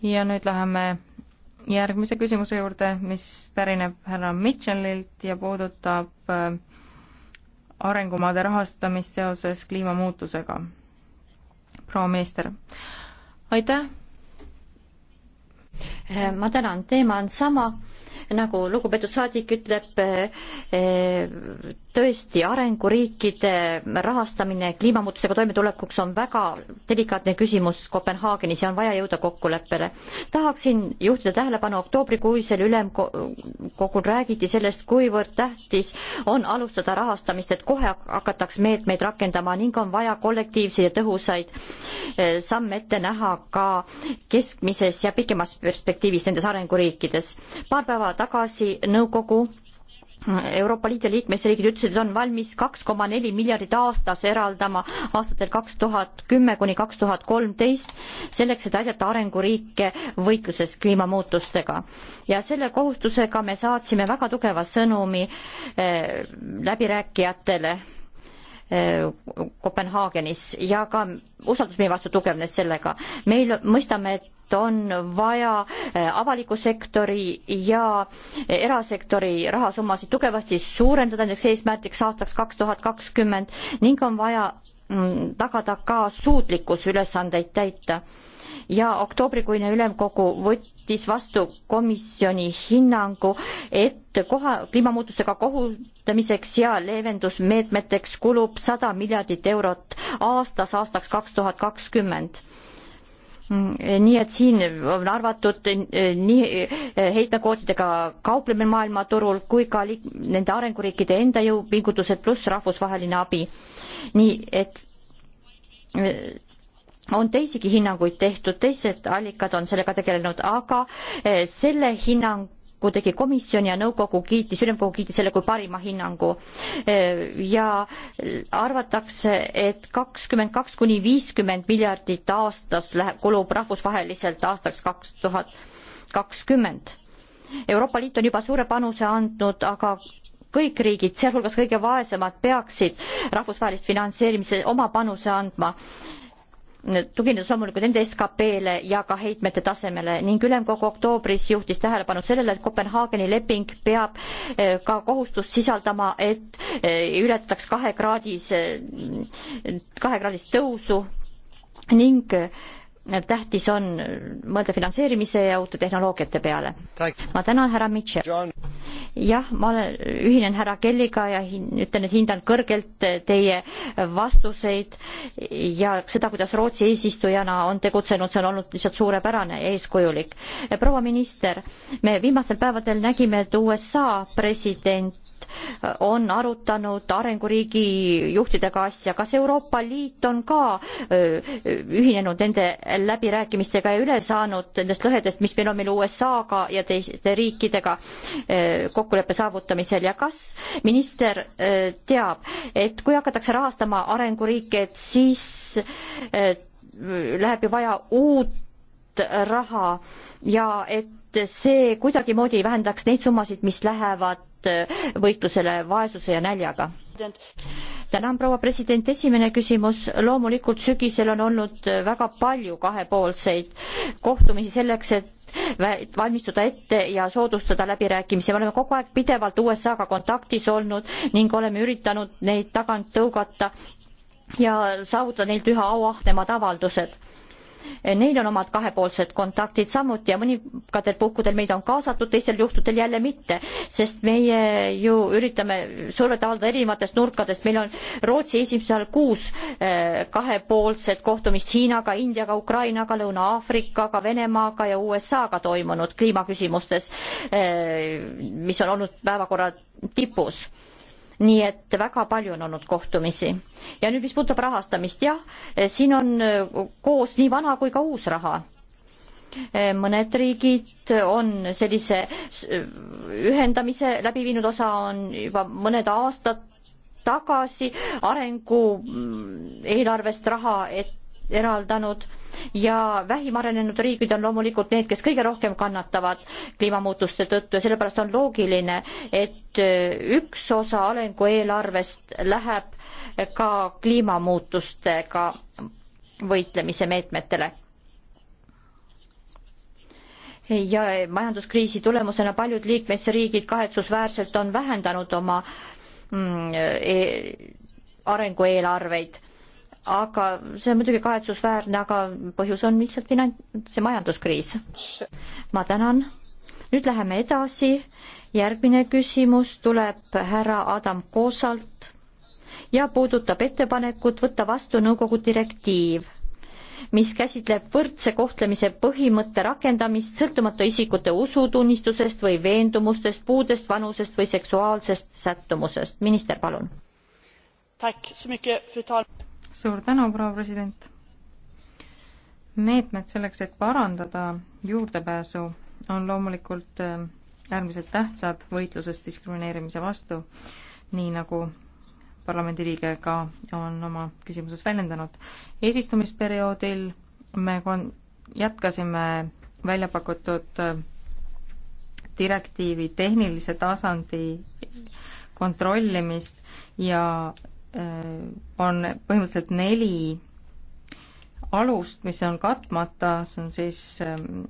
ja nüüd läheme järgmise küsimuse juurde, mis pärineb härra Mitchellilt ja puudutab äh, arengumaade rahastamist seoses kliimamuutusega. proua minister, aitäh! Äh, ma tänan, teema on sama nagu lugupeetud saadik ütleb, eh, eh, tõesti, arenguriikide rahastamine kliimamuutusega toimetulekuks on väga delikaatne küsimus Kopenhaagenis ja on vaja jõuda kokkuleppele. tahaksin juhtida tähelepanu, oktoobrikuisel ülemkogul räägiti sellest, kuivõrd tähtis on alustada rahastamist, et kohe hakataks meetmeid rakendama ning on vaja kollektiivseid ja tõhusaid eh, samme ette näha ka keskmises ja pikemas perspektiivis nendes arenguriikides. paar päeva tagasi nõukogu Euroopa Liidu liikmesriigid ütlesid, et on valmis kaks koma neli miljardit aastas eraldama aastatel kaks tuhat kümme kuni kaks tuhat kolmteist selleks, et aidata arenguriike võitluses kliimamuutustega. ja selle kohustusega me saatsime väga tugeva sõnumi äh, läbirääkijatele eh, Kopenhaagenis ja ka usaldus meie vastu tugevnes sellega. meil mõistame, et on vaja eh, avaliku sektori ja eh, erasektori rahasummasid tugevasti suurendada, näiteks eesmärgiks aastaks kaks tuhat kakskümmend ning on vaja mm, tagada ka suutlikkus ülesandeid täita ja oktoobrikuine ülemkogu võttis vastu komisjoni hinnangu, et koha, kliimamuutustega kohutamiseks ja leevendusmeetmeteks kulub sada miljardit eurot aastas aastaks kaks tuhat kakskümmend Mm, nii et siin on arvatud eh, nii eh, heitmekvootidega kauplemine maailmaturul kui ka nende arenguriikide enda jõupingutused pluss rahvusvaheline abi. nii et eh, on teisigi hinnanguid tehtud, teised allikad on sellega tegelenud, aga selle hinnang ettepaneku tegi komisjon ja nõukogu kiitis, ülemkogu kiitis selle kui parima hinnangu. ja arvatakse, et kakskümmend kaks kuni viiskümmend miljardit aastas läheb, kulub rahvusvaheliselt aastaks kaks tuhat kakskümmend. Euroopa Liit on juba suure panuse andnud, aga kõik riigid, sealhulgas kõige vaesemad, peaksid rahvusvahelist finantseerimise oma panuse andma tuginedes loomulikult nende SKP-le ja ka heitmete tasemele ning ülemkogu oktoobris juhtis tähelepanu sellele, et Kopenhaageni leping peab eh, ka kohustust sisaldama, et eh, ületataks kahekraadise, eh, kahekraadist tõusu ning tähtis on mõelda finantseerimise ja uute tehnoloogiate peale. ma tänan härra Mitchell. jah, ma olen, ühinen härra Kelliga ja hin, ütlen, et hindan kõrgelt teie vastuseid ja seda, kuidas Rootsi eesistujana on tegutsenud, see on olnud lihtsalt suurepärane ja eeskujulik. proua minister, me viimastel päevadel nägime, et USA president Liit on arutanud arenguriigi juhtidega asja, kas Euroopa Liit on ka ühinenud nende läbirääkimistega ja üle saanud nendest lõhedest, mis meil on meil USA-ga ja teiste riikidega kokkuleppe saavutamisel ja kas minister teab, et kui hakatakse rahastama arenguriike, et siis läheb ju vaja uut raha ja et et see kuidagimoodi ei vähendaks neid summasid, mis lähevad äh, võitlusele vaesuse ja näljaga. tänan, proua president, esimene küsimus. loomulikult sügisel on olnud äh, väga palju kahepoolseid kohtumisi selleks, et valmistuda ette ja soodustada läbirääkimisi. me oleme kogu aeg pidevalt USA-ga kontaktis olnud ning oleme üritanud neid tagant tõugata ja saavutada neilt üha auahnemad avaldused neil on omad kahepoolsed kontaktid samuti ja mõningatel puhkudel meid on kaasatud, teistel juhtudel jälle mitte, sest meie ju üritame survet avaldada erinevatest nurkadest, meil on Rootsi esimesel kuus eh, kahepoolset kohtumist Hiinaga, Indiaga, Ukrainaga, Lõuna-Aafrikaga, Venemaaga ja USA-ga toimunud kliimaküsimustes, eh, mis on olnud päevakorra tipus nii et väga palju on olnud kohtumisi. ja nüüd, mis puudutab rahastamist, jah, siin on äh, koos nii vana kui ka uus raha äh, mõned riigid on sellise äh, ühendamise läbi viinud, osa on juba mõned aastad tagasi arengu mm, eelarvest raha, et eraldanud ja vähim arenenud riigid on loomulikult need, kes kõige rohkem kannatavad kliimamuutuste tõttu ja sellepärast on loogiline, et äh, üks osa arengueelarvest läheb ka kliimamuutustega võitlemise meetmetele ja majanduskriisi tulemusena paljud liikmesriigid kahetsusväärselt on vähendanud oma mm, e arengueelarveid aga see on muidugi kahetsusväärne, aga põhjus on lihtsalt finan-, see majanduskriis. ma tänan. nüüd läheme edasi. järgmine küsimus tuleb härra Adam Koosalt ja puudutab ettepanekut võtta vastu nõukogu direktiiv, mis käsitleb võrdse kohtlemise põhimõtte rakendamist sõltumata isikute usutunnistusest või veendumustest, puudest, vanusest või seksuaalsest sättumusest. minister, palun suur tänu, proua president. meetmed selleks, et parandada juurdepääsu, on loomulikult äh, äärmiselt tähtsad võitluses diskrimineerimise vastu, nii nagu parlamendiliige ka on oma küsimuses väljendanud. eesistumisperioodil me kon-, jätkasime välja pakutud äh, direktiivi tehnilise tasandi kontrollimist ja Äh, on põhimõtteliselt neli alust, mis on katmata, see on siis ähm,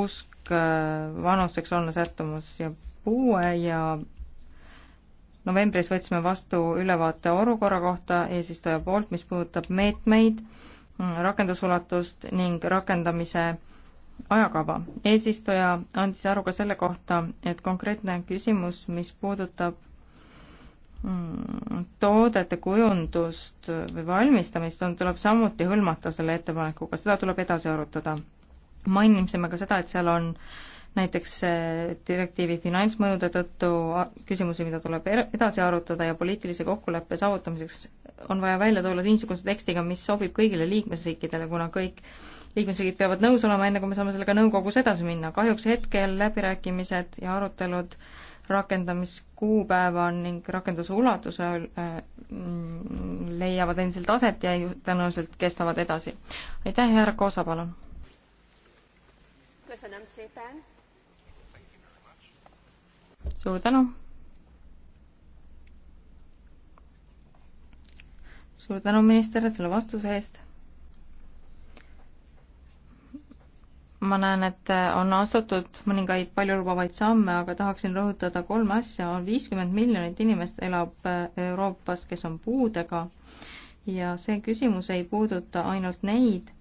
usk, äh, vanus, seksuaalne sättumus ja puue ja novembris võtsime vastu ülevaate olukorra kohta eesistuja poolt, mis puudutab meetmeid, mm, rakendusulatust ning rakendamise ajakava. eesistuja andis aru ka selle kohta, et konkreetne küsimus, mis puudutab Mm, toodete kujundust või valmistamist on, tuleb samuti hõlmata selle ettepanekuga, seda tuleb edasi arutada. mainisime ka seda, et seal on näiteks eh, direktiivi finantsmõjude tõttu küsimusi, mida tuleb er-, edasi arutada ja poliitilise kokkuleppe saavutamiseks on vaja välja tulla niisuguse tekstiga, mis sobib kõigile liikmesriikidele, kuna kõik liikmesriigid peavad nõus olema, enne kui me saame sellega nõukogus edasi minna. kahjuks hetkel läbirääkimised ja arutelud äh, rakendamiskuupäeva ning rakenduse ulatuse äh, leiavad endiselt aset ja tõenäoliselt kestavad edasi. aitäh, härra Koosa, palun! suur tänu! suur tänu, minister, selle vastuse eest ma näen, et äh, on astutud mõningaid paljulubavaid samme, aga tahaksin rõhutada kolme asja. on viiskümmend miljonit inimest elab äh, Euroopas, kes on puudega ja see küsimus ei puuduta ainult neid,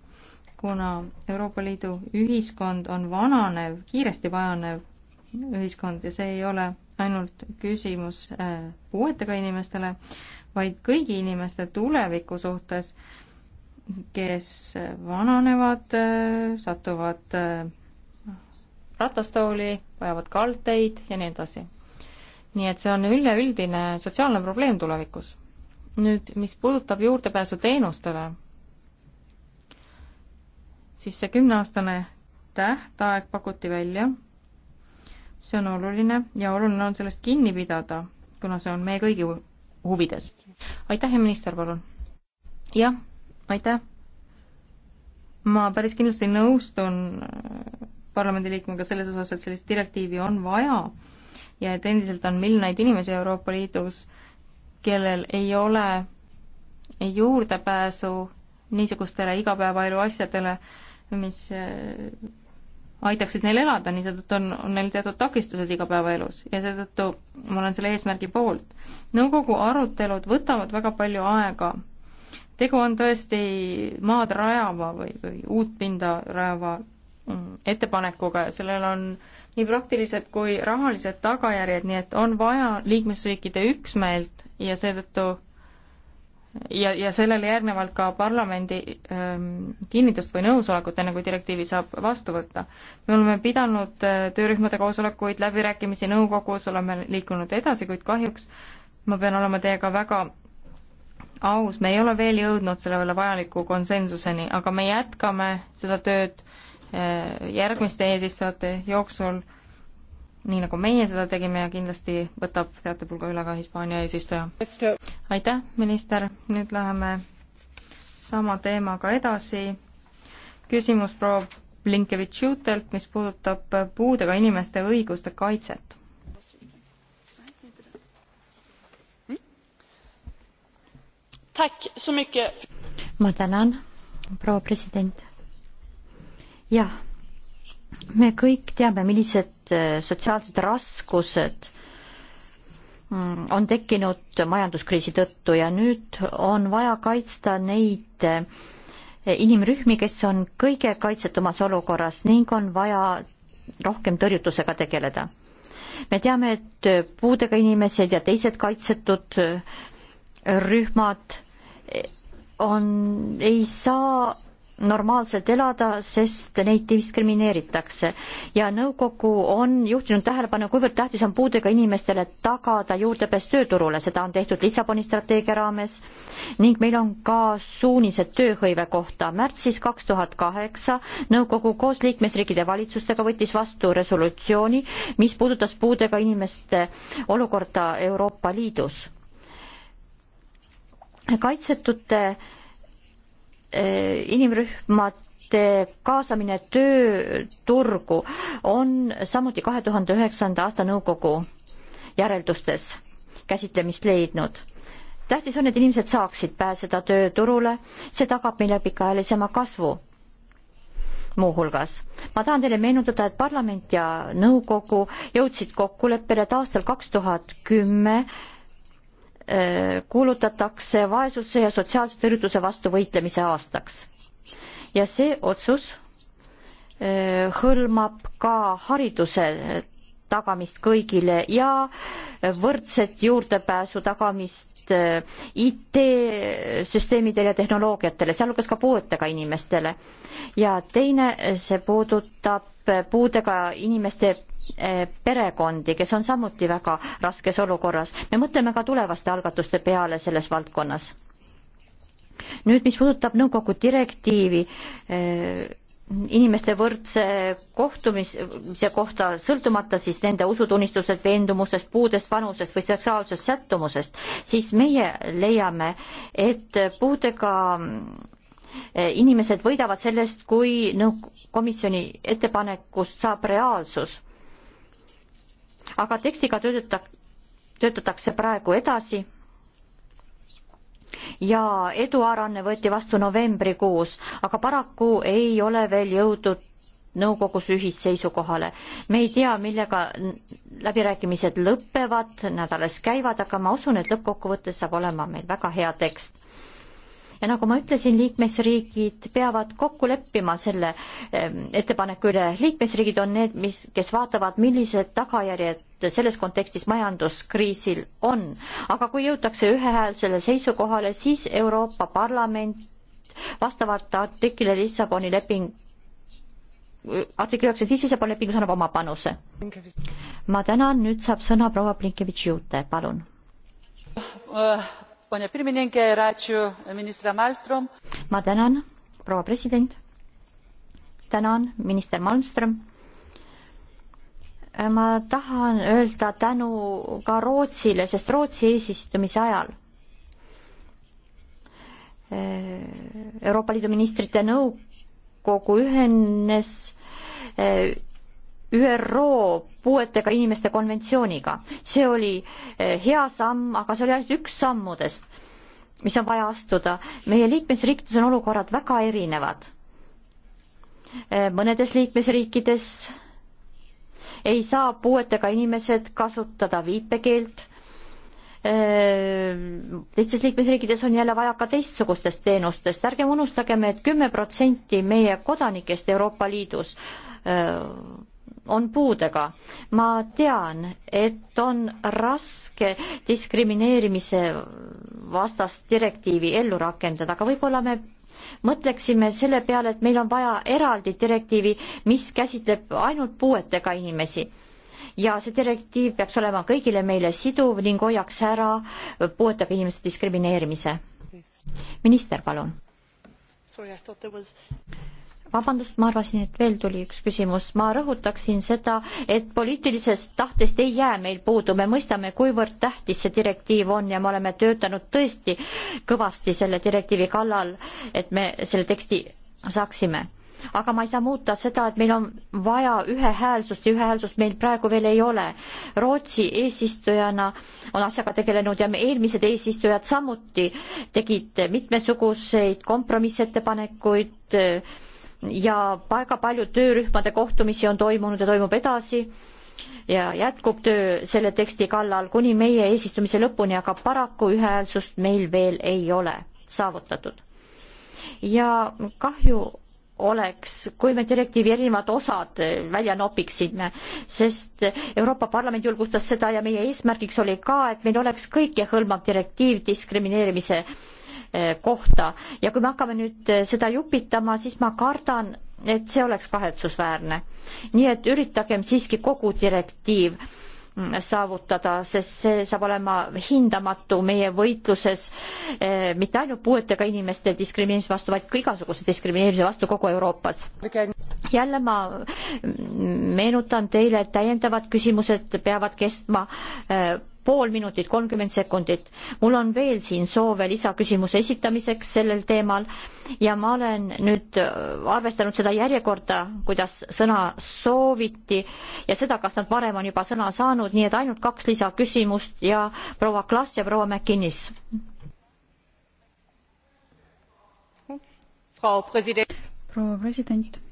kuna Euroopa Liidu ühiskond on vananev, kiiresti vananev ühiskond ja see ei ole ainult küsimus äh, puuetega inimestele, vaid kõigi inimeste tuleviku suhtes kes vananevad, satuvad noh, ratastooli, vajavad kaldteid ja nii edasi. nii et see on üleüldine sotsiaalne probleem tulevikus. nüüd, mis puudutab juurdepääsu teenustele, siis see kümneaastane tähtaeg pakuti välja, see on oluline ja oluline on sellest kinni pidada, kuna see on meie kõigi huvides. aitäh ja minister, palun! jah aitäh! ma päris kindlasti nõustun äh, parlamendiliikmega selles osas, et sellist direktiivi on vaja ja et endiselt on miljoneid inimesi Euroopa Liidus, kellel ei ole juurdepääsu niisugustele igapäevaelu asjadele, mis äh, aitaksid neil elada, nii seetõttu on, on neil teatud takistused igapäevaelus ja seetõttu ma olen selle eesmärgi poolt. nõukogu arutelud võtavad väga palju aega tegu on tõesti maad rajava või, või uut pinda rajava mm, ettepanekuga ja sellel on nii praktilised kui rahalised tagajärjed, nii et on vaja liikmesriikide üksmeelt ja seetõttu ja, ja sellele järgnevalt ka parlamendi ähm, kinnitust või nõusolekut, enne kui direktiivi saab vastu võtta. me oleme pidanud äh, töörühmade koosolekuid, läbirääkimisi nõukogus, oleme liikunud edasi, kuid kahjuks ma pean olema teiega väga aus, me ei ole veel jõudnud selle üle vajaliku konsensuseni, aga me jätkame seda tööd eh, järgmiste eesistujate jooksul, nii nagu meie seda tegime ja kindlasti võtab teatepulga üle ka Hispaania eesistuja. aitäh, minister, nüüd läheme sama teemaga edasi. küsimus proua Blinkevitš-Jutelt, mis puudutab puudega inimeste õiguste kaitset ma tänan, proua president. jah, me kõik teame, millised äh, sotsiaalsed raskused mm, on tekkinud majanduskriisi tõttu ja nüüd on vaja kaitsta neid äh, inimrühmi, kes on kõige kaitsetumas olukorras ning on vaja rohkem tõrjutusega tegeleda. me teame, et puudega inimesed ja teised kaitsetud äh, rühmad on, ei saa normaalselt elada, sest neid diskrimineeritakse. ja nõukogu on juhtinud tähelepanu, kuivõrd tähtis on puudega inimestele tagada juurdepääs tööturule, seda on tehtud Lissaboni strateegia raames ning meil on ka suunised tööhõive kohta. märtsis kaks tuhat kaheksa nõukogu koos liikmesriikide valitsustega võttis vastu resolutsiooni, mis puudutas puudega inimeste olukorda Euroopa Liidus kaitsetute eh, inimrühmade kaasamine tööturgu on samuti kahe tuhande üheksanda aasta nõukogu järeldustes käsitlemist leidnud. tähtis on, et inimesed saaksid pääseda tööturule, see tagab meile pikaajalisema kasvu muuhulgas. ma tahan teile meenutada, et parlament ja nõukogu jõudsid kokkuleppele, et aastal kaks tuhat kümme Äh, kuulutatakse vaesuse ja sotsiaalse tõrjutuse vastu võitlemise aastaks. ja see otsus äh, hõlmab ka hariduse tagamist kõigile ja võrdset juurdepääsu tagamist äh, IT-süsteemidele ja tehnoloogiatele, sealhulgas ka puuetega inimestele. ja teine, see puudutab puudega inimeste Eh, perekondi, kes on samuti väga raskes olukorras. me mõtleme ka tulevaste algatuste peale selles valdkonnas. nüüd, mis puudutab nõukogu direktiivi eh, inimeste võrdse kohtumise kohta, sõltumata siis nende usutunnistused, veendumusest, puudest, vanusest või seksuaalsest sättumusest, siis meie leiame, et puudega eh, inimesed võidavad sellest, kui nõu-, komisjoni ettepanekust saab reaalsus aga tekstiga töötata, töötatakse praegu edasi. ja eduaranne võeti vastu novembrikuus, aga paraku ei ole veel jõudnud nõukogus ühisseisukohale. me ei tea, millega läbirääkimised lõpevad, nad alles käivad, aga ma usun, et lõppkokkuvõttes saab olema meil väga hea tekst ja nagu ma ütlesin, liikmesriigid peavad kokku leppima selle ehm, ettepaneku üle. liikmesriigid on need, mis, kes vaatavad, millised tagajärjed selles kontekstis majanduskriisil on. aga kui jõutakse ühehäälsele seisukohale, siis Euroopa Parlament vastavalt artiklile Lissaboni leping artikli üheksateist Lissaboni lepingus annab oma panuse. ma tänan, nüüd saab sõna proua Blinkevitš-Jute, palun äh, ma tänan, proua president. tänan, minister Malmström. ma tahan öelda tänu ka Rootsile, sest Rootsi eesistumise ajal eh, Euroopa Liidu ministrite nõukogu ühenes eh, ÜRO puuetega inimeste konventsiooniga. see oli eh, hea samm, aga see oli ainult üks sammudest, mis on vaja astuda. meie liikmesriikides on olukorrad väga erinevad. Eh, mõnedes liikmesriikides ei saa puuetega inimesed kasutada viipekeelt. Eh, teistes liikmesriikides on jälle vaja ka teistsugustest teenustest. ärgem unustagem, et kümme protsenti meie kodanikest Euroopa Liidus öö, on puudega. ma tean, et on raske diskrimineerimise vastast direktiivi ellu rakendada, aga võib-olla me mõtleksime selle peale, et meil on vaja eraldi direktiivi, mis käsitleb ainult puuetega inimesi ja see direktiiv peaks olema kõigile meile siduv ning hoiaks ära puuetega inimeste diskrimineerimise. minister, palun vabandust, ma arvasin, et veel tuli üks küsimus. ma rõhutaksin seda, et poliitilisest tahtest ei jää meil puudu, me mõistame, kuivõrd tähtis see direktiiv on ja me oleme töötanud tõesti kõvasti selle direktiivi kallal, et me selle teksti saaksime. aga ma ei saa muuta seda, et meil on vaja ühehäälsust ja ühehäälsust meil praegu veel ei ole. Rootsi eesistujana on asjaga tegelenud ja me eelmised eesistujad samuti tegid mitmesuguseid kompromissettepanekuid ja väga palju töörühmade kohtumisi on toimunud ja toimub edasi ja jätkub töö selle teksti kallal kuni meie eesistumise lõpuni, aga paraku ühehäälsust meil veel ei ole saavutatud. ja kahju oleks, kui me direktiivi erinevad osad välja nopiksime, sest Euroopa Parlament julgustas seda ja meie eesmärgiks oli ka, et meil oleks kõikehõlmav direktiiv diskrimineerimise äh, Eh, kohta ja kui me hakkame nüüd eh, seda jupitama, siis ma kardan, et see oleks kahetsusväärne. nii et üritagem siiski kogu direktiiv mm, saavutada, sest see saab olema hindamatu meie võitluses eh, mitte ainult puuetega inimeste diskrimineerimise vastu, vaid ka igasuguse diskrimineerimise vastu kogu Euroopas. jälle ma mm, meenutan teile, et täiendavad küsimused peavad kestma eh, pool minutit, kolmkümmend sekundit. mul on veel siin soove lisaküsimuse esitamiseks sellel teemal ja ma olen nüüd äh, arvestanud seda järjekorda, kuidas sõna sooviti ja seda, kas nad varem on juba sõna saanud, nii et ainult kaks lisaküsimust ja proua Klas ja proua McInnis. proua president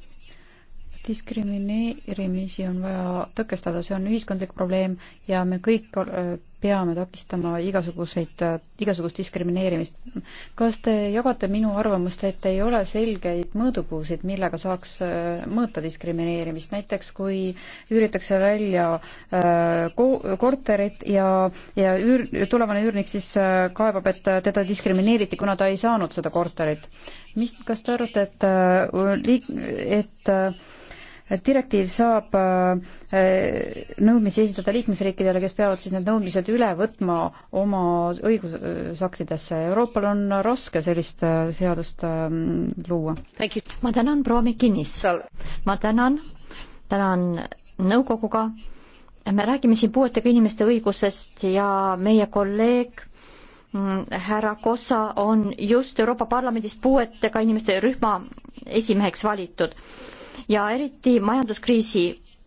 diskrimineerimisi on vaja tõkestada, see on ühiskondlik probleem ja me kõik äh, peame takistama igasuguseid, äh, igasugust diskrimineerimist. kas te jagate minu arvamust, et ei ole selgeid mõõdupuusid, millega saaks äh, mõõta diskrimineerimist, näiteks kui üüritakse välja ko-, korterit ja, ja üür-, tulevane üürnik siis kaebab, et teda diskrimineeriti, kuna ta ei saanud seda korterit. mis, kas te arvate, et liik-, et direktiiv saab äh, äh, nõudmisi esitada liikmesriikidele, kes peavad siis need nõudmised üle võtma oma õigusaktidesse. Euroopal on raske sellist äh, seadust ähm, luua. ma tänan, proua Mikinis. ma tänan, tänan nõukoguga. me räägime siin puuetega inimeste õigusest ja meie kolleeg mm, härra Kossa on just Euroopa Parlamendis puuetega inimeste rühma esimeheks valitud ja eriti majanduskriisi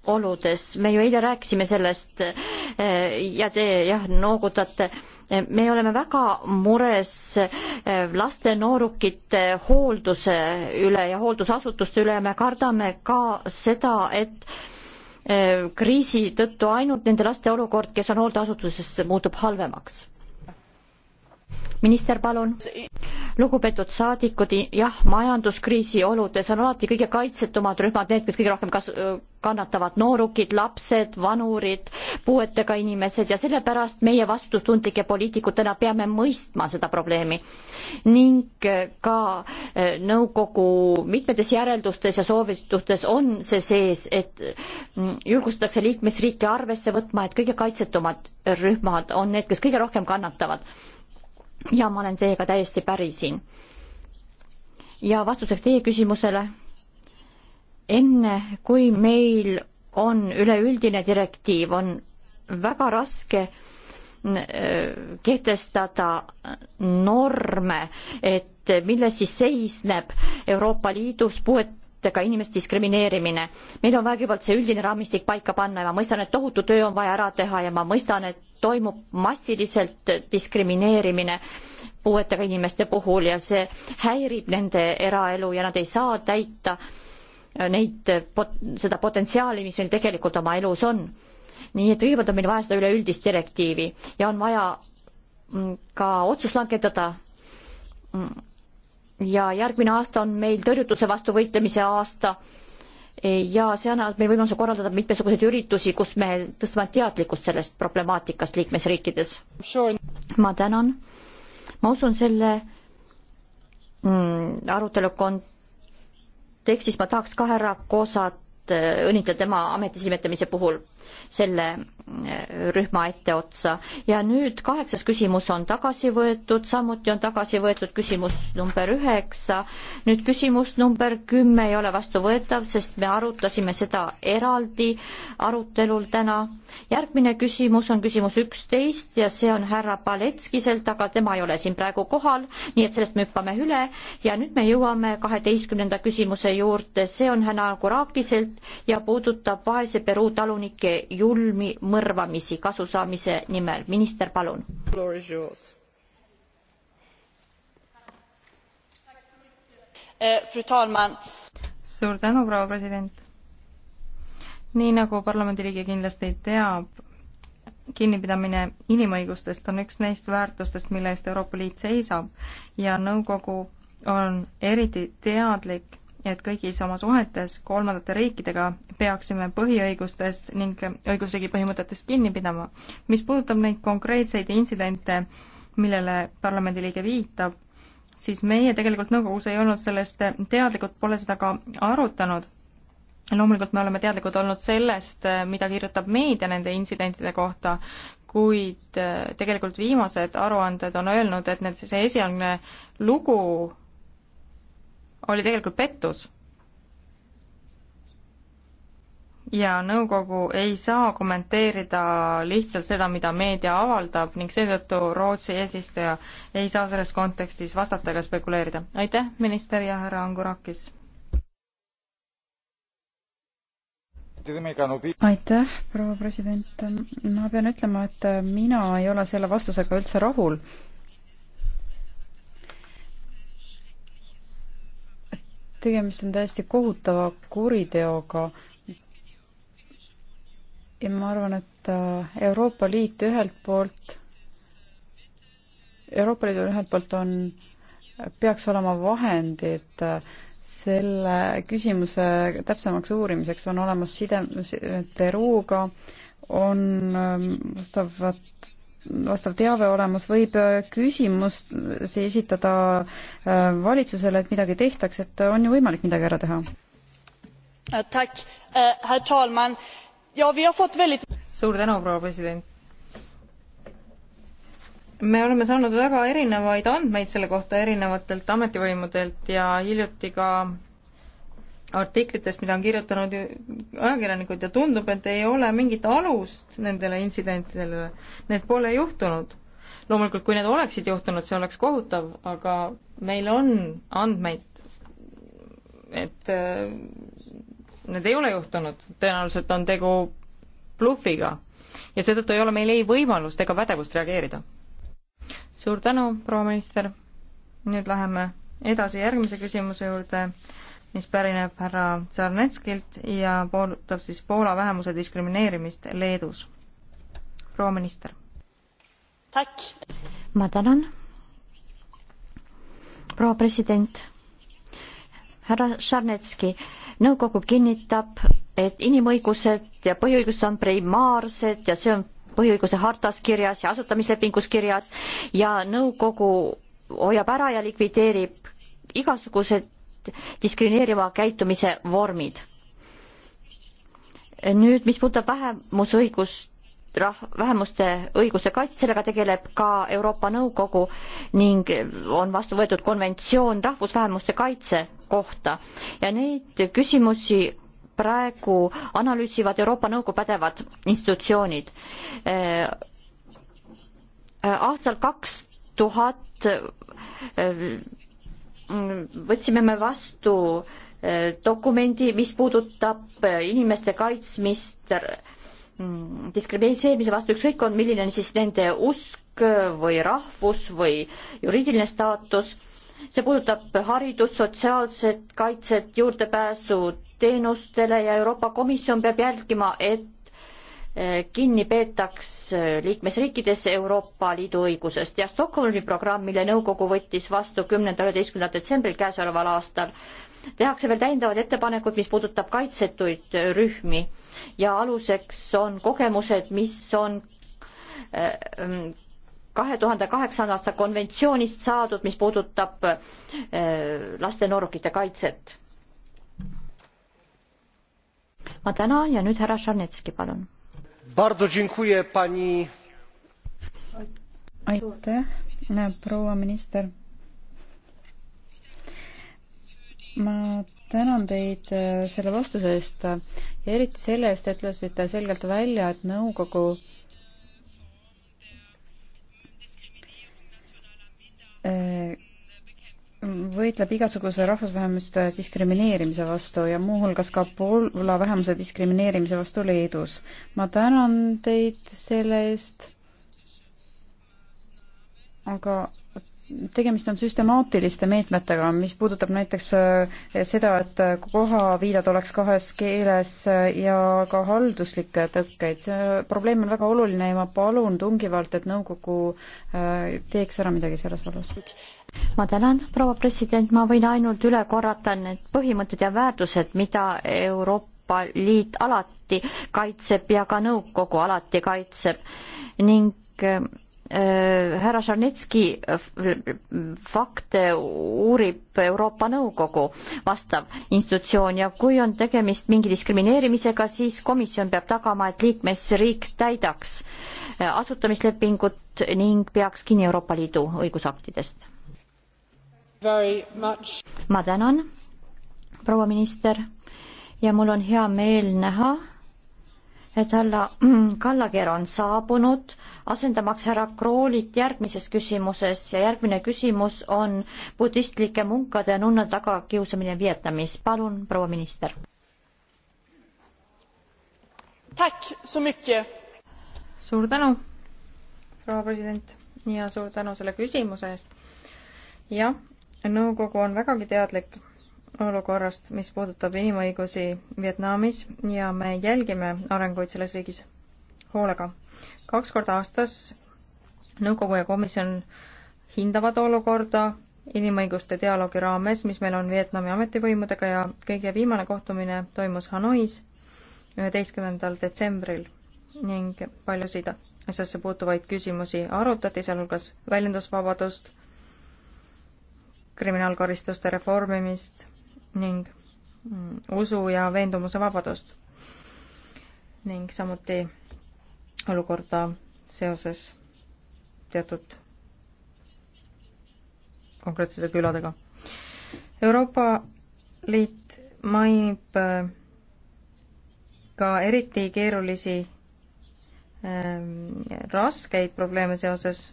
oludes, me ju eile rääkisime sellest eh, ja te jah noogutate, eh, me oleme väga mures eh, laste, noorukite hoolduse üle ja hooldusasutuste üle ja me kardame ka seda, et kriisi tõttu ainult nende laste olukord, kes on hooldeasutuses, muutub halvemaks minister, palun. lugupeetud saadikud, jah, majanduskriisi oludes on alati kõige kaitsetumad rühmad need, kes kõige rohkem kas-, kannatavad, noorukid, lapsed, vanurid, puuetega inimesed ja sellepärast meie vastutustundlike poliitikutena peame mõistma seda probleemi. ning ka nõukogu mitmetes järeldustes ja soovitustes on see sees, et mm, julgustatakse liikmesriike arvesse võtma, et kõige kaitsetumad rühmad on need, kes kõige rohkem kannatavad ja ma olen teiega täiesti päri siin. ja vastuseks teie küsimusele, enne kui meil on üleüldine direktiiv, on väga raske äh, kehtestada norme, et milles siis seisneb Euroopa Liidus puuetega inimest diskrimineerimine. meil on vaja kõigepealt see üldine raamistik paika panna ja ma mõistan, et tohutu töö on vaja ära teha ja ma mõistan, et toimub massiliselt diskrimineerimine puuetega inimeste puhul ja see häirib nende eraelu ja nad ei saa täita neid, seda potentsiaali, mis meil tegelikult oma elus on. nii et kõigepealt on meil vaja seda üleüldist direktiivi ja on vaja mm, ka otsus langetada. Mm, ja järgmine aasta on meil tõrjutuse vastu võitlemise aasta ja see annab meil võimaluse korraldada mitmesuguseid üritusi, kus me tõstame teadlikkust sellest problemaatikast liikmesriikides. ma tänan. ma usun selle mm, arutelu kontekstis ma tahaks ka härra Kosat äh, õnnitleda tema ametis nimetamise puhul selle rühma etteotsa ja nüüd kaheksas küsimus on tagasi võetud, samuti on tagasi võetud küsimus number üheksa. nüüd küsimus number kümme ei ole vastuvõetav, sest me arutasime seda eraldi arutelul täna. järgmine küsimus on küsimus üksteist ja see on härra Paletskiselt, aga tema ei ole siin praegu kohal, nii et sellest me hüppame üle ja nüüd me jõuame kaheteistkümnenda küsimuse juurde, see on härra Kurakiselt ja puudutab vaese Peruu talunike julmi mõtteid mõrvamisi kasu saamise nimel. minister, palun. Eh, suur tänu, proua president. nii nagu parlamendiliige kindlasti teab, kinnipidamine inimõigustest on üks neist väärtustest, mille eest Euroopa Liit seisab ja nõukogu on eriti teadlik ja et kõigis oma suhetes kolmandate riikidega peaksime põhiõigustest ning õigusriigi põhimõtetest kinni pidama. mis puudutab neid konkreetseid intsidente, millele parlamendiliige viitab, siis meie tegelikult nõukogus ei olnud sellest teadlikud, pole seda ka arutanud. loomulikult me oleme teadlikud olnud sellest, mida kirjutab meedia nende intsidentide kohta, kuid tegelikult viimased aruanded on öelnud, et need, see esialgne lugu oli tegelikult pettus. ja nõukogu ei saa kommenteerida lihtsalt seda, mida meedia avaldab ning seetõttu Rootsi eesistuja ei saa selles kontekstis vastata ega spekuleerida. aitäh, minister ja härra Angurakis. aitäh, proua president. ma pean ütlema, et mina ei ole selle vastusega üldse rahul tegemist on täiesti kohutava kuriteoga. ja ma arvan, et äh, Euroopa Liit ühelt poolt, Euroopa Liidul ühelt poolt on, peaks olema vahendid äh, selle küsimuse täpsemaks uurimiseks, on olemas side Peruga, on äh, vastavad vastav teave olemas, võib äh, küsimusi esitada äh, valitsusele, et midagi tehtaks, et äh, on ju võimalik midagi ära teha. suur tänu, proua president me oleme saanud väga erinevaid andmeid selle kohta erinevatelt ametivõimudelt ja hiljuti ka artiklitest, mida on kirjutanud ajakirjanikud ja tundub, et ei ole mingit alust nendele intsidentidele, need pole juhtunud. loomulikult, kui need oleksid juhtunud, see oleks kohutav, aga meil on andmeid, et äh, need ei ole juhtunud, tõenäoliselt on tegu blufiga. ja seetõttu ei ole meil ei võimalust ega pädevust reageerida. suur tänu, proua minister, nüüd läheme edasi järgmise küsimuse juurde mis pärineb härra Tsarnetskilt ja puudutab siis Poola vähemuse diskrimineerimist Leedus. proua minister. ma tänan. proua president, härra Tsarnetski, nõukogu kinnitab, et inimõigused ja põhiõigused on primaarsed ja see on põhiõiguse hartas kirjas ja asutamislepingus kirjas ja nõukogu hoiab ära ja likvideerib igasugused erinevad diskrimineeriva käitumise vormid. nüüd, mis puudutab vähemusõigust, rah-, vähemuste õiguste kaitset, sellega tegeleb ka Euroopa Nõukogu ning on vastu võetud konventsioon rahvusvähemuste kaitse kohta ja neid küsimusi praegu analüüsivad Euroopa Nõukogu pädevad institutsioonid. Äh, äh, aastal kaks tuhat äh, võtsime me vastu äh, dokumendi, mis puudutab äh, inimeste kaitsmist äh, mm, diskrimineerimise vastu, ükskõik on, milline on siis nende usk või rahvus või juriidiline staatus. see puudutab haridust, sotsiaalset kaitset, juurdepääsu teenustele ja Euroopa Komisjon peab jälgima, et Eh, kinni peetaks liikmesriikides Euroopa Liidu õigusest ja Stockholmi programm, mille nõukogu võttis vastu kümnendal, üheteistkümnendal detsembril käesoleval aastal, tehakse veel täiendavad ettepanekud, mis puudutab kaitsetuid rühmi ja aluseks on kogemused, mis on eh, mm, kahe tuhande kaheksanda aasta konventsioonist saadud, mis puudutab eh, laste noorukite kaitset. ma tänan ja nüüd härra Šarnetski, palun Bardzo dziękuję pani. aitäh, proua minister. ma tänan teid äh, selle vastuse eest ja eriti selle eest, et ütlesite selgelt välja, et nõukogu äh, võitleb igasuguse rahvusvähemuste diskrimineerimise vastu ja muuhulgas ka poola vähemuse diskrimineerimise vastu Leedus. ma tänan teid selle eest, aga tegemist on süstemaatiliste meetmetega, mis puudutab näiteks eh, seda, et kohaviidad oleks kahes keeles eh, ja ka halduslikke tõkkeid. see probleem on väga oluline ja ma palun tungivalt, et nõukogu eh, teeks ära midagi selles vallas ma tänan, proua president, ma võin ainult üle korrata need põhimõtted ja väärtused, mida Euroopa Liit alati kaitseb ja ka nõukogu alati kaitseb ning äh, härra Šarnetski fakte uurib Euroopa Nõukogu vastav institutsioon ja kui on tegemist mingi diskrimineerimisega, siis komisjon peab tagama, et liikmesriik täidaks asutamislepingut ning peaks kinni Euroopa Liidu õigusaktidest ma tänan, proua minister ja mul on hea meel näha, et härra Kallager on saabunud, asendamaks härra Kroolit järgmises küsimuses ja järgmine küsimus on budistlike munkade ja nunnade tagakiusamine Vietnamis. palun, proua minister. suur tänu, proua president ja suur tänu selle küsimuse eest. jah nõukogu on vägagi teadlik olukorrast, mis puudutab inimõigusi Vietnamis ja me jälgime arenguid selles riigis hoolega. kaks korda aastas nõukogu ja komisjon hindavad olukorda inimõiguste dialoogi raames, mis meil on Vietnami ametivõimudega ja kõige viimane kohtumine toimus Hanois üheteistkümnendal detsembril ning paljusid asjasse puutuvaid küsimusi arutati, sealhulgas väljendusvabadust kriminaalkaristuste reformimist ning mm, usu ja veendumuse vabadust ning samuti olukorda seoses teatud konkreetsete küladega. Euroopa Liit mainib äh, ka eriti keerulisi ähm, raskeid probleeme seoses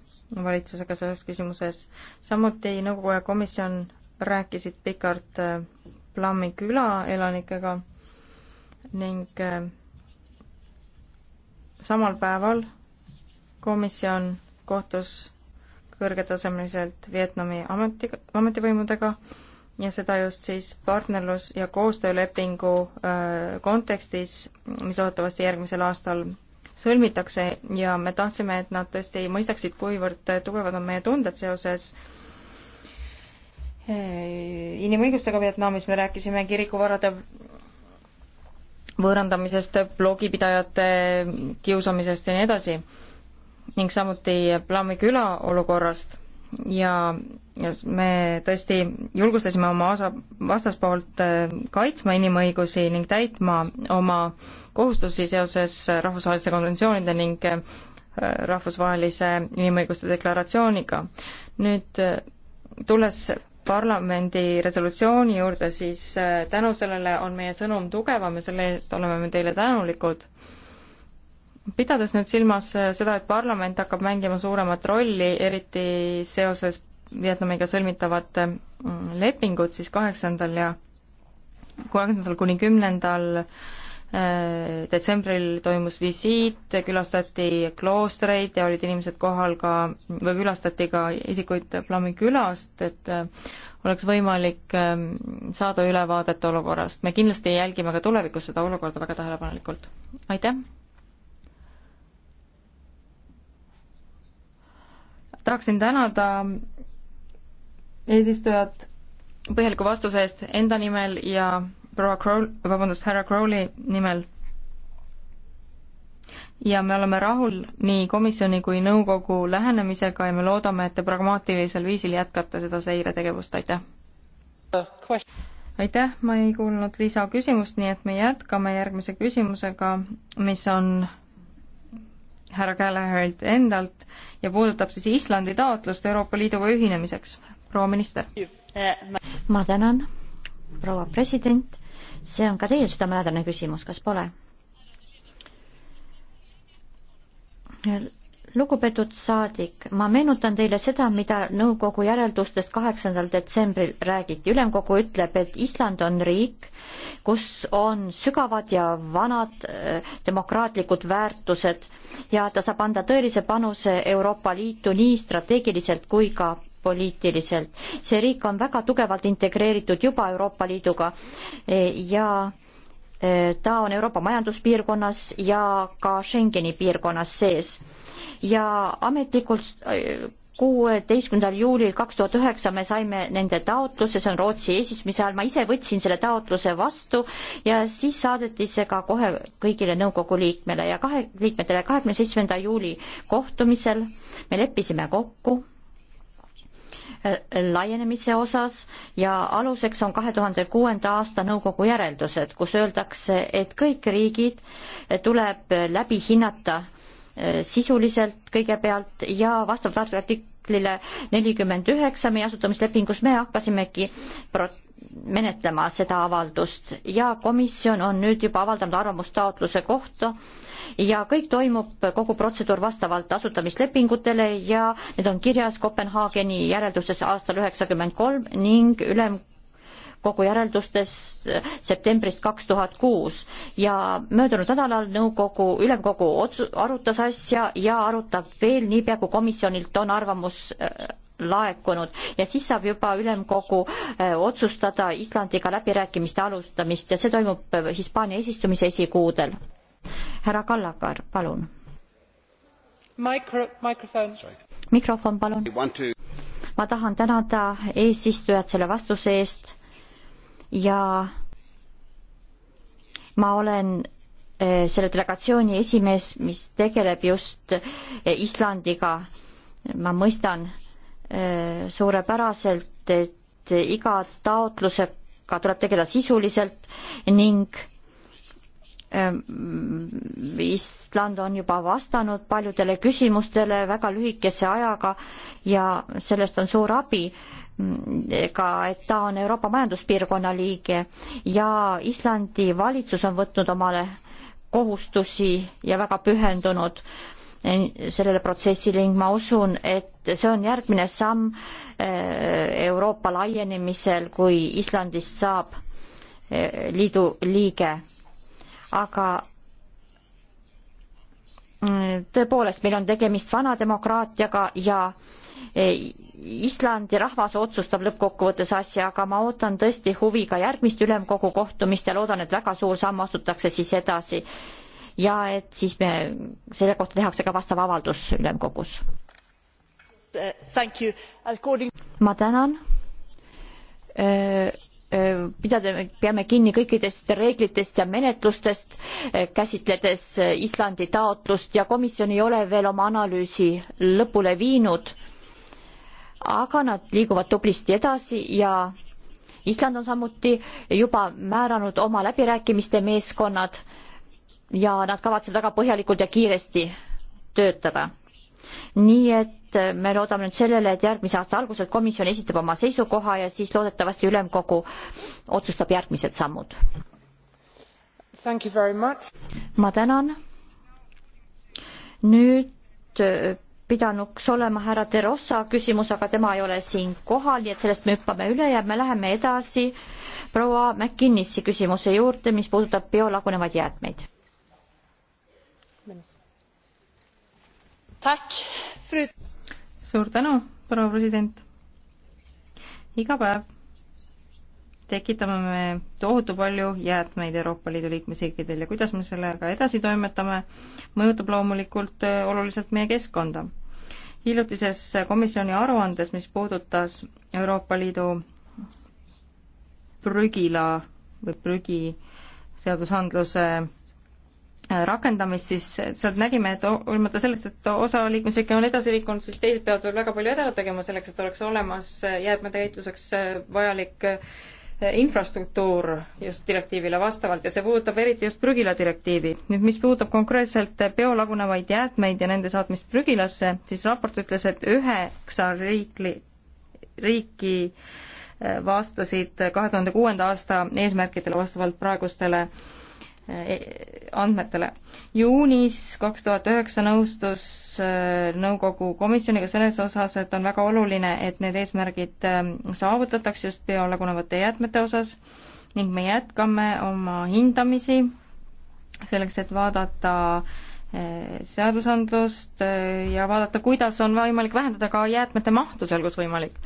valitsusega selles küsimuses. samuti nõukogu ja komisjon rääkisid pikalt äh, Plammi küla elanikega ning äh, samal päeval komisjon kohtus kõrgetasemeliselt Vietnami ameti, ametivõimudega ja seda just siis partnerlus- ja koostöölepingu äh, kontekstis, mis loodetavasti järgmisel aastal sõlmitakse ja me tahtsime, et nad tõesti mõistaksid, kuivõrd tugevad on meie tunded seoses eh, inimõigustega Vietnamis, me rääkisime kirikuvarade võõrandamisest, blogipidajate kiusamisest ja nii edasi ning samuti Plaami küla olukorrast ja, ja me tõesti julgustasime oma osa, vastaspoolt äh, kaitsma inimõigusi ning täitma oma kohustusi seoses rahvusvaheliste konventsioonide ning äh, rahvusvahelise inimõiguste deklaratsiooniga. nüüd äh, tulles parlamendi resolutsiooni juurde, siis tänu sellele on meie sõnum tugevam ja selle eest oleme me teile tänulikud pidades nüüd silmas äh, seda, et parlament hakkab mängima suuremat rolli, eriti seoses Vietnamiga sõlmitavate mm, lepingud, siis kaheksandal ja kaheksandal kuni kümnendal äh, detsembril toimus visiit, külastati kloostreid ja olid inimesed kohal ka, või külastati ka isikuid Plami külast, et äh, oleks võimalik ähm, saada ülevaadet olukorrast. me kindlasti jälgime ka tulevikus seda olukorda väga tähelepanelikult. aitäh! tahaksin tänada eesistujat põhjaliku vastuse eest enda nimel ja proua Crowl, vabandust, härra Crowley nimel. ja me oleme rahul nii komisjoni kui nõukogu lähenemisega ja me loodame, et te pragmaatilisel viisil jätkate seda seiretegevust, aitäh! aitäh, ma ei kuulnud lisaküsimust, nii et me jätkame järgmise küsimusega, mis on härra Källehöölt endalt ja puudutab siis Islandi taotlust Euroopa Liiduga ühinemiseks. proua minister. ma tänan, proua president, see on ka teie südamelähedane küsimus, kas pole? lugupeetud saadik, ma meenutan teile seda, mida nõukogu järeldustest kaheksandal detsembril räägiti. ülemkogu ütleb, et Island on riik, kus on sügavad ja vanad äh, demokraatlikud väärtused ja ta saab anda tõelise panuse Euroopa Liitu nii strateegiliselt kui ka poliitiliselt. see riik on väga tugevalt integreeritud juba Euroopa Liiduga äh, ja äh, ta on Euroopa Majanduspiirkonnas ja ka Schengeni piirkonnas sees ja ametlikult äh, kuueteistkümnendal juulil kaks tuhat üheksa me saime nende taotluse, see on Rootsi eesistumise ajal, ma ise võtsin selle taotluse vastu ja siis saadeti see ka kohe kõigile nõukogu liikmele ja kahe, liikmetele kahekümne seitsmenda juuli kohtumisel me leppisime kokku äh, laienemise osas ja aluseks on kahe tuhande kuuenda aasta nõukogu järeldused, kus öeldakse, et kõik riigid tuleb läbi hinnata äh, Äh, sisuliselt kõigepealt ja vastavalt artiklile nelikümmend üheksa meie asutamislepingus me hakkasimegi menetlema seda avaldust ja komisjon on nüüd juba avaldanud arvamustaotluse kohta ja kõik toimub, kogu protseduur vastavalt asutamislepingutele ja need on kirjas Kopenhaageni järeldustes aastal üheksakümmend kolm ning ülem kogu järeldustest septembrist kaks tuhat kuus ja möödunud nädalal nõukogu, ülemkogu otsu-, arutas asja ja arutab veel niipea, kui komisjonilt on arvamus äh, laekunud ja siis saab juba ülemkogu äh, otsustada Islandiga läbirääkimiste alustamist ja see toimub äh, Hispaania eesistumise esikuudel. härra Kallakar, palun. Mikro, mikrofon. mikrofon, palun. ma tahan tänada eesistujat selle vastuse eest ja ma olen eh, selle delegatsiooni esimees, mis tegeleb just eh, Islandiga. ma mõistan eh, suurepäraselt, et iga taotlusega tuleb tegeleda sisuliselt ning ehm, Island on juba vastanud paljudele küsimustele väga lühikese ajaga ja sellest on suur abi ka, et ta on Euroopa Majanduspiirkonna liige ja Islandi valitsus on võtnud omale kohustusi ja väga pühendunud sellele protsessile ning ma usun, et see on järgmine samm eh, Euroopa laienemisel, kui Islandist saab eh, liidu liige. aga mm, tõepoolest, meil on tegemist vana demokraatiaga ja äh, Eh, Islandi rahvas otsustab lõppkokkuvõttes asja, aga ma ootan tõesti huviga järgmist ülemkogu kohtumist ja loodan, et väga suur samm astutakse siis edasi. ja et siis me, selle kohta tehakse ka vastav avaldus ülemkogus. ma tänan eh, eh, pidada, peame kinni kõikidest reeglitest ja menetlustest, käsitledes Islandi taotlust ja komisjon ei ole veel oma analüüsi lõpule viinud aga nad liiguvad tublisti edasi ja Island on samuti juba määranud oma läbirääkimiste meeskonnad ja nad kavatsevad väga põhjalikult ja kiiresti töötada. nii et me loodame nüüd sellele, et järgmise aasta algusel komisjon esitab oma seisukoha ja siis loodetavasti ülemkogu otsustab järgmised sammud. ma tänan. nüüd pidanuks olema härra De Rossa küsimus, aga tema ei ole siin kohal, nii et sellest me hüppame üle ja me läheme edasi proua McKinnisi küsimuse juurde, mis puudutab biolagunevaid jäätmeid. suur tänu, proua president. iga päev tekitame me tohutu palju jäätmeid Euroopa Liidu liikmesriikidel ja kuidas me sellega edasi toimetame, mõjutab loomulikult äh, oluliselt meie keskkonda. hiljutises komisjoni aruandes, mis puudutas Euroopa Liidu prügila või prügi seadusandluse äh, rakendamist, siis äh, sealt nägime, et hoolimata sellest, et osa liikmesriike on edasi liikunud, siis teised peavad veel väga palju ära tegema selleks, et oleks olemas jäätmete käitluseks vajalik infrastruktuur just direktiivile vastavalt ja see puudutab eriti just prügila direktiivi. nüüd mis puudutab konkreetselt biolagunevaid jäätmeid ja nende saatmist prügilasse, siis raport ütles, et üheksa riikli, riiki äh, vastasid kahe tuhande kuuenda aasta eesmärkidele vastavalt praegustele Eh, andmetele. juunis kaks tuhat üheksa nõustus eh, nõukogu komisjoniga selles osas, et on väga oluline, et need eesmärgid eh, saavutatakse just biolagunevate jäätmete osas ning me jätkame oma hindamisi selleks, et vaadata seadusandlust ja vaadata, kuidas on võimalik vähendada ka jäätmete mahtu seal, kus võimalik.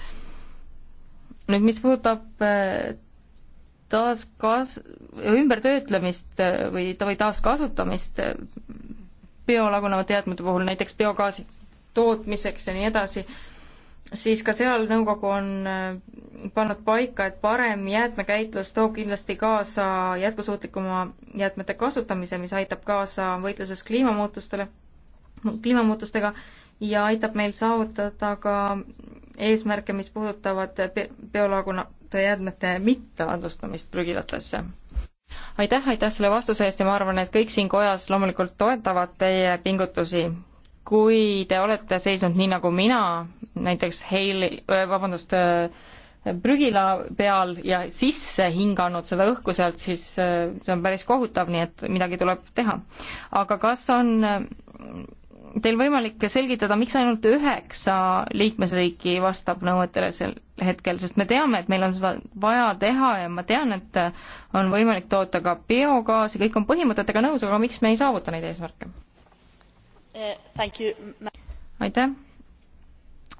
nüüd, mis puudutab taaskas-, ümbertöötlemist äh, või, või taaskasutamist äh, biolagunevate jäätmete puhul, näiteks biogaasi tootmiseks ja nii edasi, siis ka seal nõukogu on äh, pannud paika, et parem jäätmekäitlus toob kindlasti kaasa jätkusuutlikuma jäätmete kasutamise, mis aitab kaasa võitluses kliimamuutustele, kliimamuutustega ja aitab meil saavutada ka eesmärke, mis puudutavad biolaguna, jäätmete mitteandlustamist prügilatesse? aitäh, aitäh selle vastuse eest ja ma arvan, et kõik siin kojas loomulikult toetavad teie pingutusi. kui te olete seisnud nii nagu mina, näiteks Heili, äh, vabandust, äh, prügila peal ja sisse hinganud seda õhku sealt, siis äh, see on päris kohutav, nii et midagi tuleb teha. aga kas on teil võimalik selgitada, miks ainult üheksa liikmesriiki vastab nõuetele sel hetkel, sest me teame, et meil on seda vaja teha ja ma tean, et on võimalik toota ka biogaasi, kõik on põhimõtetega nõus, aga miks me ei saavuta neid eesmärke? aitäh.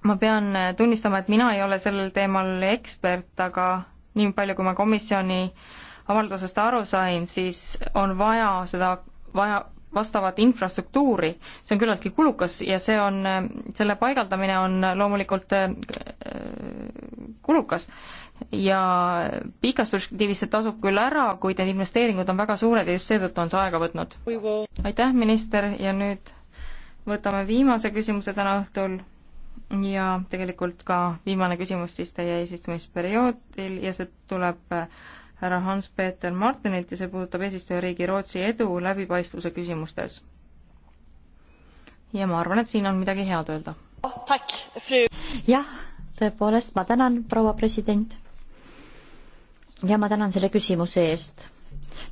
ma pean tunnistama, et mina ei ole sellel teemal ekspert, aga nii palju, kui ma komisjoni avaldusest aru sain, siis on vaja seda, vaja vastavat infrastruktuuri. see on küllaltki kulukas ja see on, selle paigaldamine on loomulikult äh, kulukas ja pikas perspektiivis see tasub küll ära, kuid need investeeringud on väga suured ja just seetõttu on see aega võtnud. aitäh, minister, ja nüüd võtame viimase küsimuse täna õhtul ja tegelikult ka viimane küsimus siis teie eesistumisperioodil ja see tuleb härra Hans-Peter Martinilt ja see puudutab eesistujariigi Rootsi edu läbipaistvuse küsimustes. ja ma arvan, et siin on midagi head öelda. Oh, jah, tõepoolest, ma tänan, proua president. ja ma tänan selle küsimuse eest.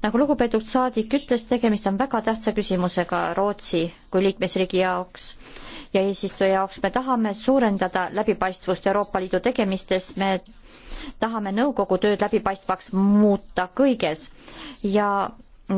nagu lugupeetud saadik ütles, tegemist on väga tähtsa küsimusega Rootsi kui liikmesriigi jaoks ja eesistuja jaoks me tahame suurendada läbipaistvust Euroopa Liidu tegemistes, me tahame nõukogu tööd läbipaistvaks muuta kõiges ja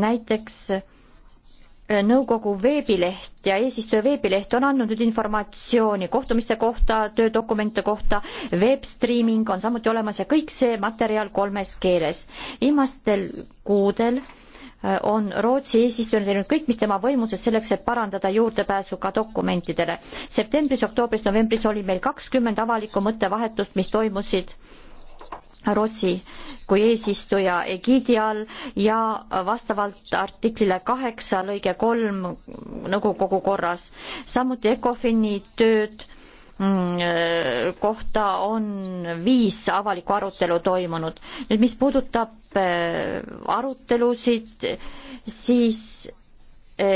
näiteks äh, nõukogu veebileht ja eesistuja veebileht on andnud nüüd informatsiooni kohtumiste kohta, töödokumente kohta, veebstriiming on samuti olemas ja kõik see materjal kolmes keeles. viimastel kuudel äh, on Rootsi eesistujana teinud kõik, mis tema võimuses selleks, et parandada juurdepääsu ka dokumentidele. septembris, oktoobris, novembris oli meil kakskümmend avalikku mõttevahetust, mis toimusid Rootsi kui eesistuja egiidi all ja vastavalt artiklile kaheksa lõige kolm nõukogu korras. samuti ECOFIN-i tööd mm, kohta on viis avalikku arutelu toimunud. nüüd, mis puudutab arutelusid, siis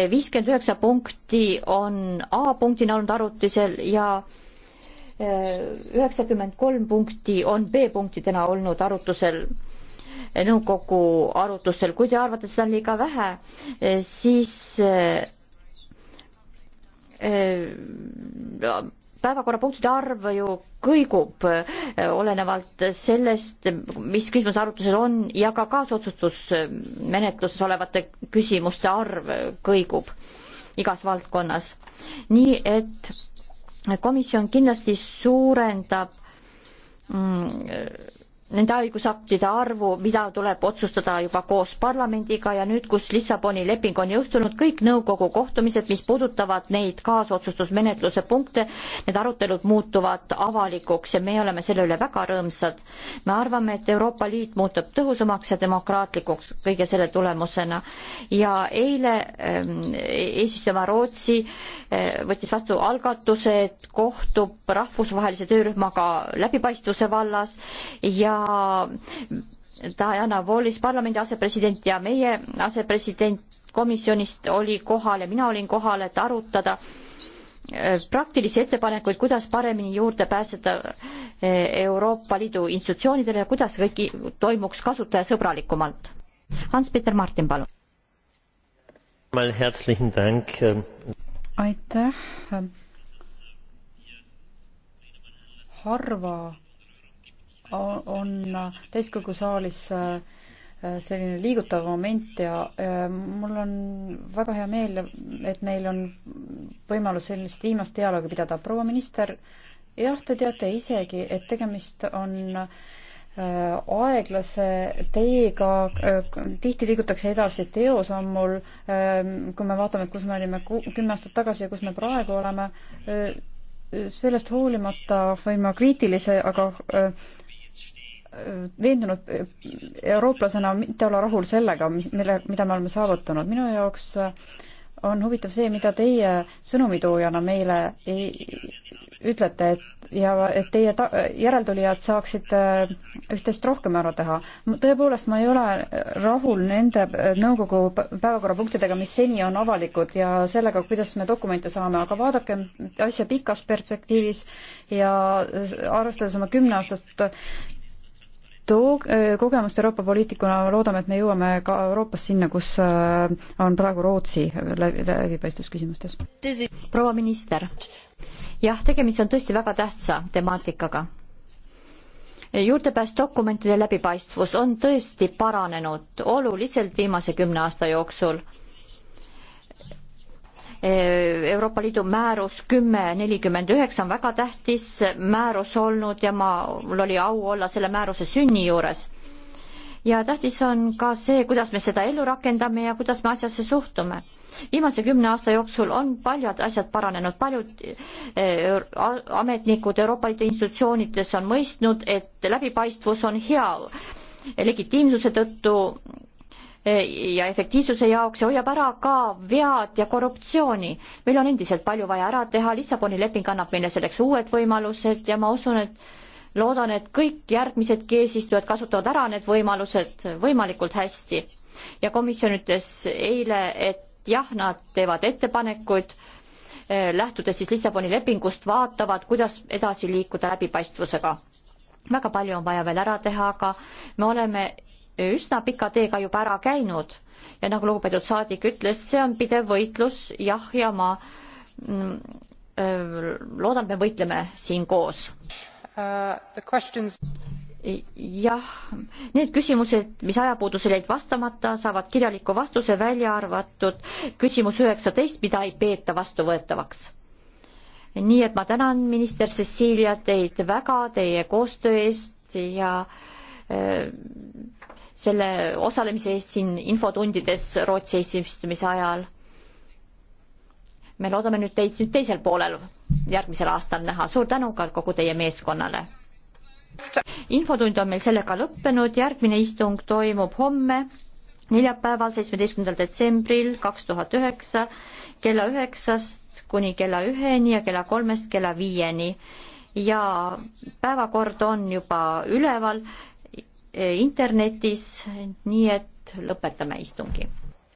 viiskümmend üheksa punkti on A punktina olnud arutisel ja üheksakümmend kolm punkti on B-punktidena olnud arutusel nõukogu arutustel, kui te arvate, seda on liiga vähe, siis äh, päevakorrapunktide arv ju kõigub äh, olenevalt sellest, mis küsimus arutusel on ja ka kaasotsustusmenetluses olevate küsimuste arv kõigub igas valdkonnas. nii et komisjon kindlasti suurendab mm, nende õigusaktide arvu, mida tuleb otsustada juba koos parlamendiga ja nüüd, kus Lissaboni leping on jõustunud, kõik nõukogu kohtumised, mis puudutavad neid kaasotsustusmenetluse punkte, need arutelud muutuvad avalikuks ja me oleme selle üle väga rõõmsad. me arvame, et Euroopa Liit muutub tõhusamaks ja demokraatlikuks kõige selle tulemusena ja eile ähm, eesistuja Rootsi äh, võttis vastu algatuse, et kohtub rahvusvahelise töörühmaga läbipaistvuse vallas ja ja Diana Wallis, parlamendi asepresident ja meie asepresident komisjonist oli kohal ja mina olin kohal, et arutada eh, praktilisi ettepanekuid, kuidas paremini juurde pääseda eh, Euroopa Liidu institutsioonidele ja kuidas kõik toimuks kasutajasõbralikumalt. Hans-Peter Martin, palun. Ähm, aitäh. harva on täiskogu saalis äh, selline liigutav moment ja äh, mul on väga hea meel, et meil on võimalus sellist viimast dialoogi pidada. proua minister, jah, te teate isegi, et tegemist on äh, aeglase teega, tihti liigutakse edasi teosammul, kui me vaatame, kus me olime kümme aastat tagasi ja kus me praegu oleme, sellest hoolimata võin ma kriitilise, aga veendunud äh, eurooplasena mitte olla rahul sellega, mis, mille, mida me oleme saavutanud. minu jaoks äh, on huvitav see, mida teie sõnumitoojana meile ei, ütlete, et ja et teie ta-, järeltulijad saaksid äh, üht-teist rohkem ära teha. tõepoolest, ma ei ole rahul nende nõukogu päevakorrapunktidega, mis seni on avalikud ja sellega, kuidas me dokumente saame, aga vaadakem asja pikas perspektiivis ja arvestades oma kümneaastast too kogemust Euroopa poliitikuna loodame, et me jõuame ka Euroopas sinna, kus on praegu Rootsi läbipaistvusküsimustes. proua minister, jah, tegemist on tõesti väga tähtsa temaatikaga. juurdepääs dokumentide läbipaistvus on tõesti paranenud oluliselt viimase kümne aasta jooksul Euroopa Liidu määrus kümme nelikümmend üheksa on väga tähtis määrus olnud ja ma, mul oli au olla selle määruse sünni juures. ja tähtis on ka see, kuidas me seda ellu rakendame ja kuidas me asjasse suhtume. viimase kümne aasta jooksul on paljud asjad paranenud, paljud eh, ametnikud Euroopa Liidu institutsioonides on mõistnud, et läbipaistvus on hea legitiimsuse tõttu ja efektiivsuse jaoks ja hoiab ära ka vead ja korruptsiooni. meil on endiselt palju vaja ära teha, Lissaboni leping annab meile selleks uued võimalused ja ma usun, et loodan, et kõik järgmisedki eesistujad kasutavad ära need võimalused võimalikult hästi. ja komisjon ütles eile, et jah, nad teevad ettepanekuid, eh, lähtudes siis Lissaboni lepingust, vaatavad, kuidas edasi liikuda läbipaistvusega väga palju on vaja veel ära teha, aga me oleme üsna pika teega juba ära käinud ja nagu lugupeetud saadik ütles, see on pidev võitlus, jah, ja ma mm, äh, loodan, et me võitleme siin koos uh,. jah, need küsimused, mis ajapuudusel jäid vastamata, saavad kirjaliku vastuse, välja arvatud küsimus üheksateist, mida ei peeta vastuvõetavaks nii et ma tänan minister Cecilia teid väga teie koostöö eest ja äh, selle osalemise eest siin infotundides Rootsi eesistumise ajal. me loodame nüüd teid nüüd teisel poolel järgmisel aastal näha. suur tänu ka kogu teie meeskonnale. infotund on meil sellega lõppenud, järgmine istung toimub homme, neljapäeval, seitsmeteistkümnendal detsembril kaks tuhat üheksa kella üheksast kuni kella üheni ja kella kolmest kella viieni ja päevakord on juba üleval internetis, nii et lõpetame istungi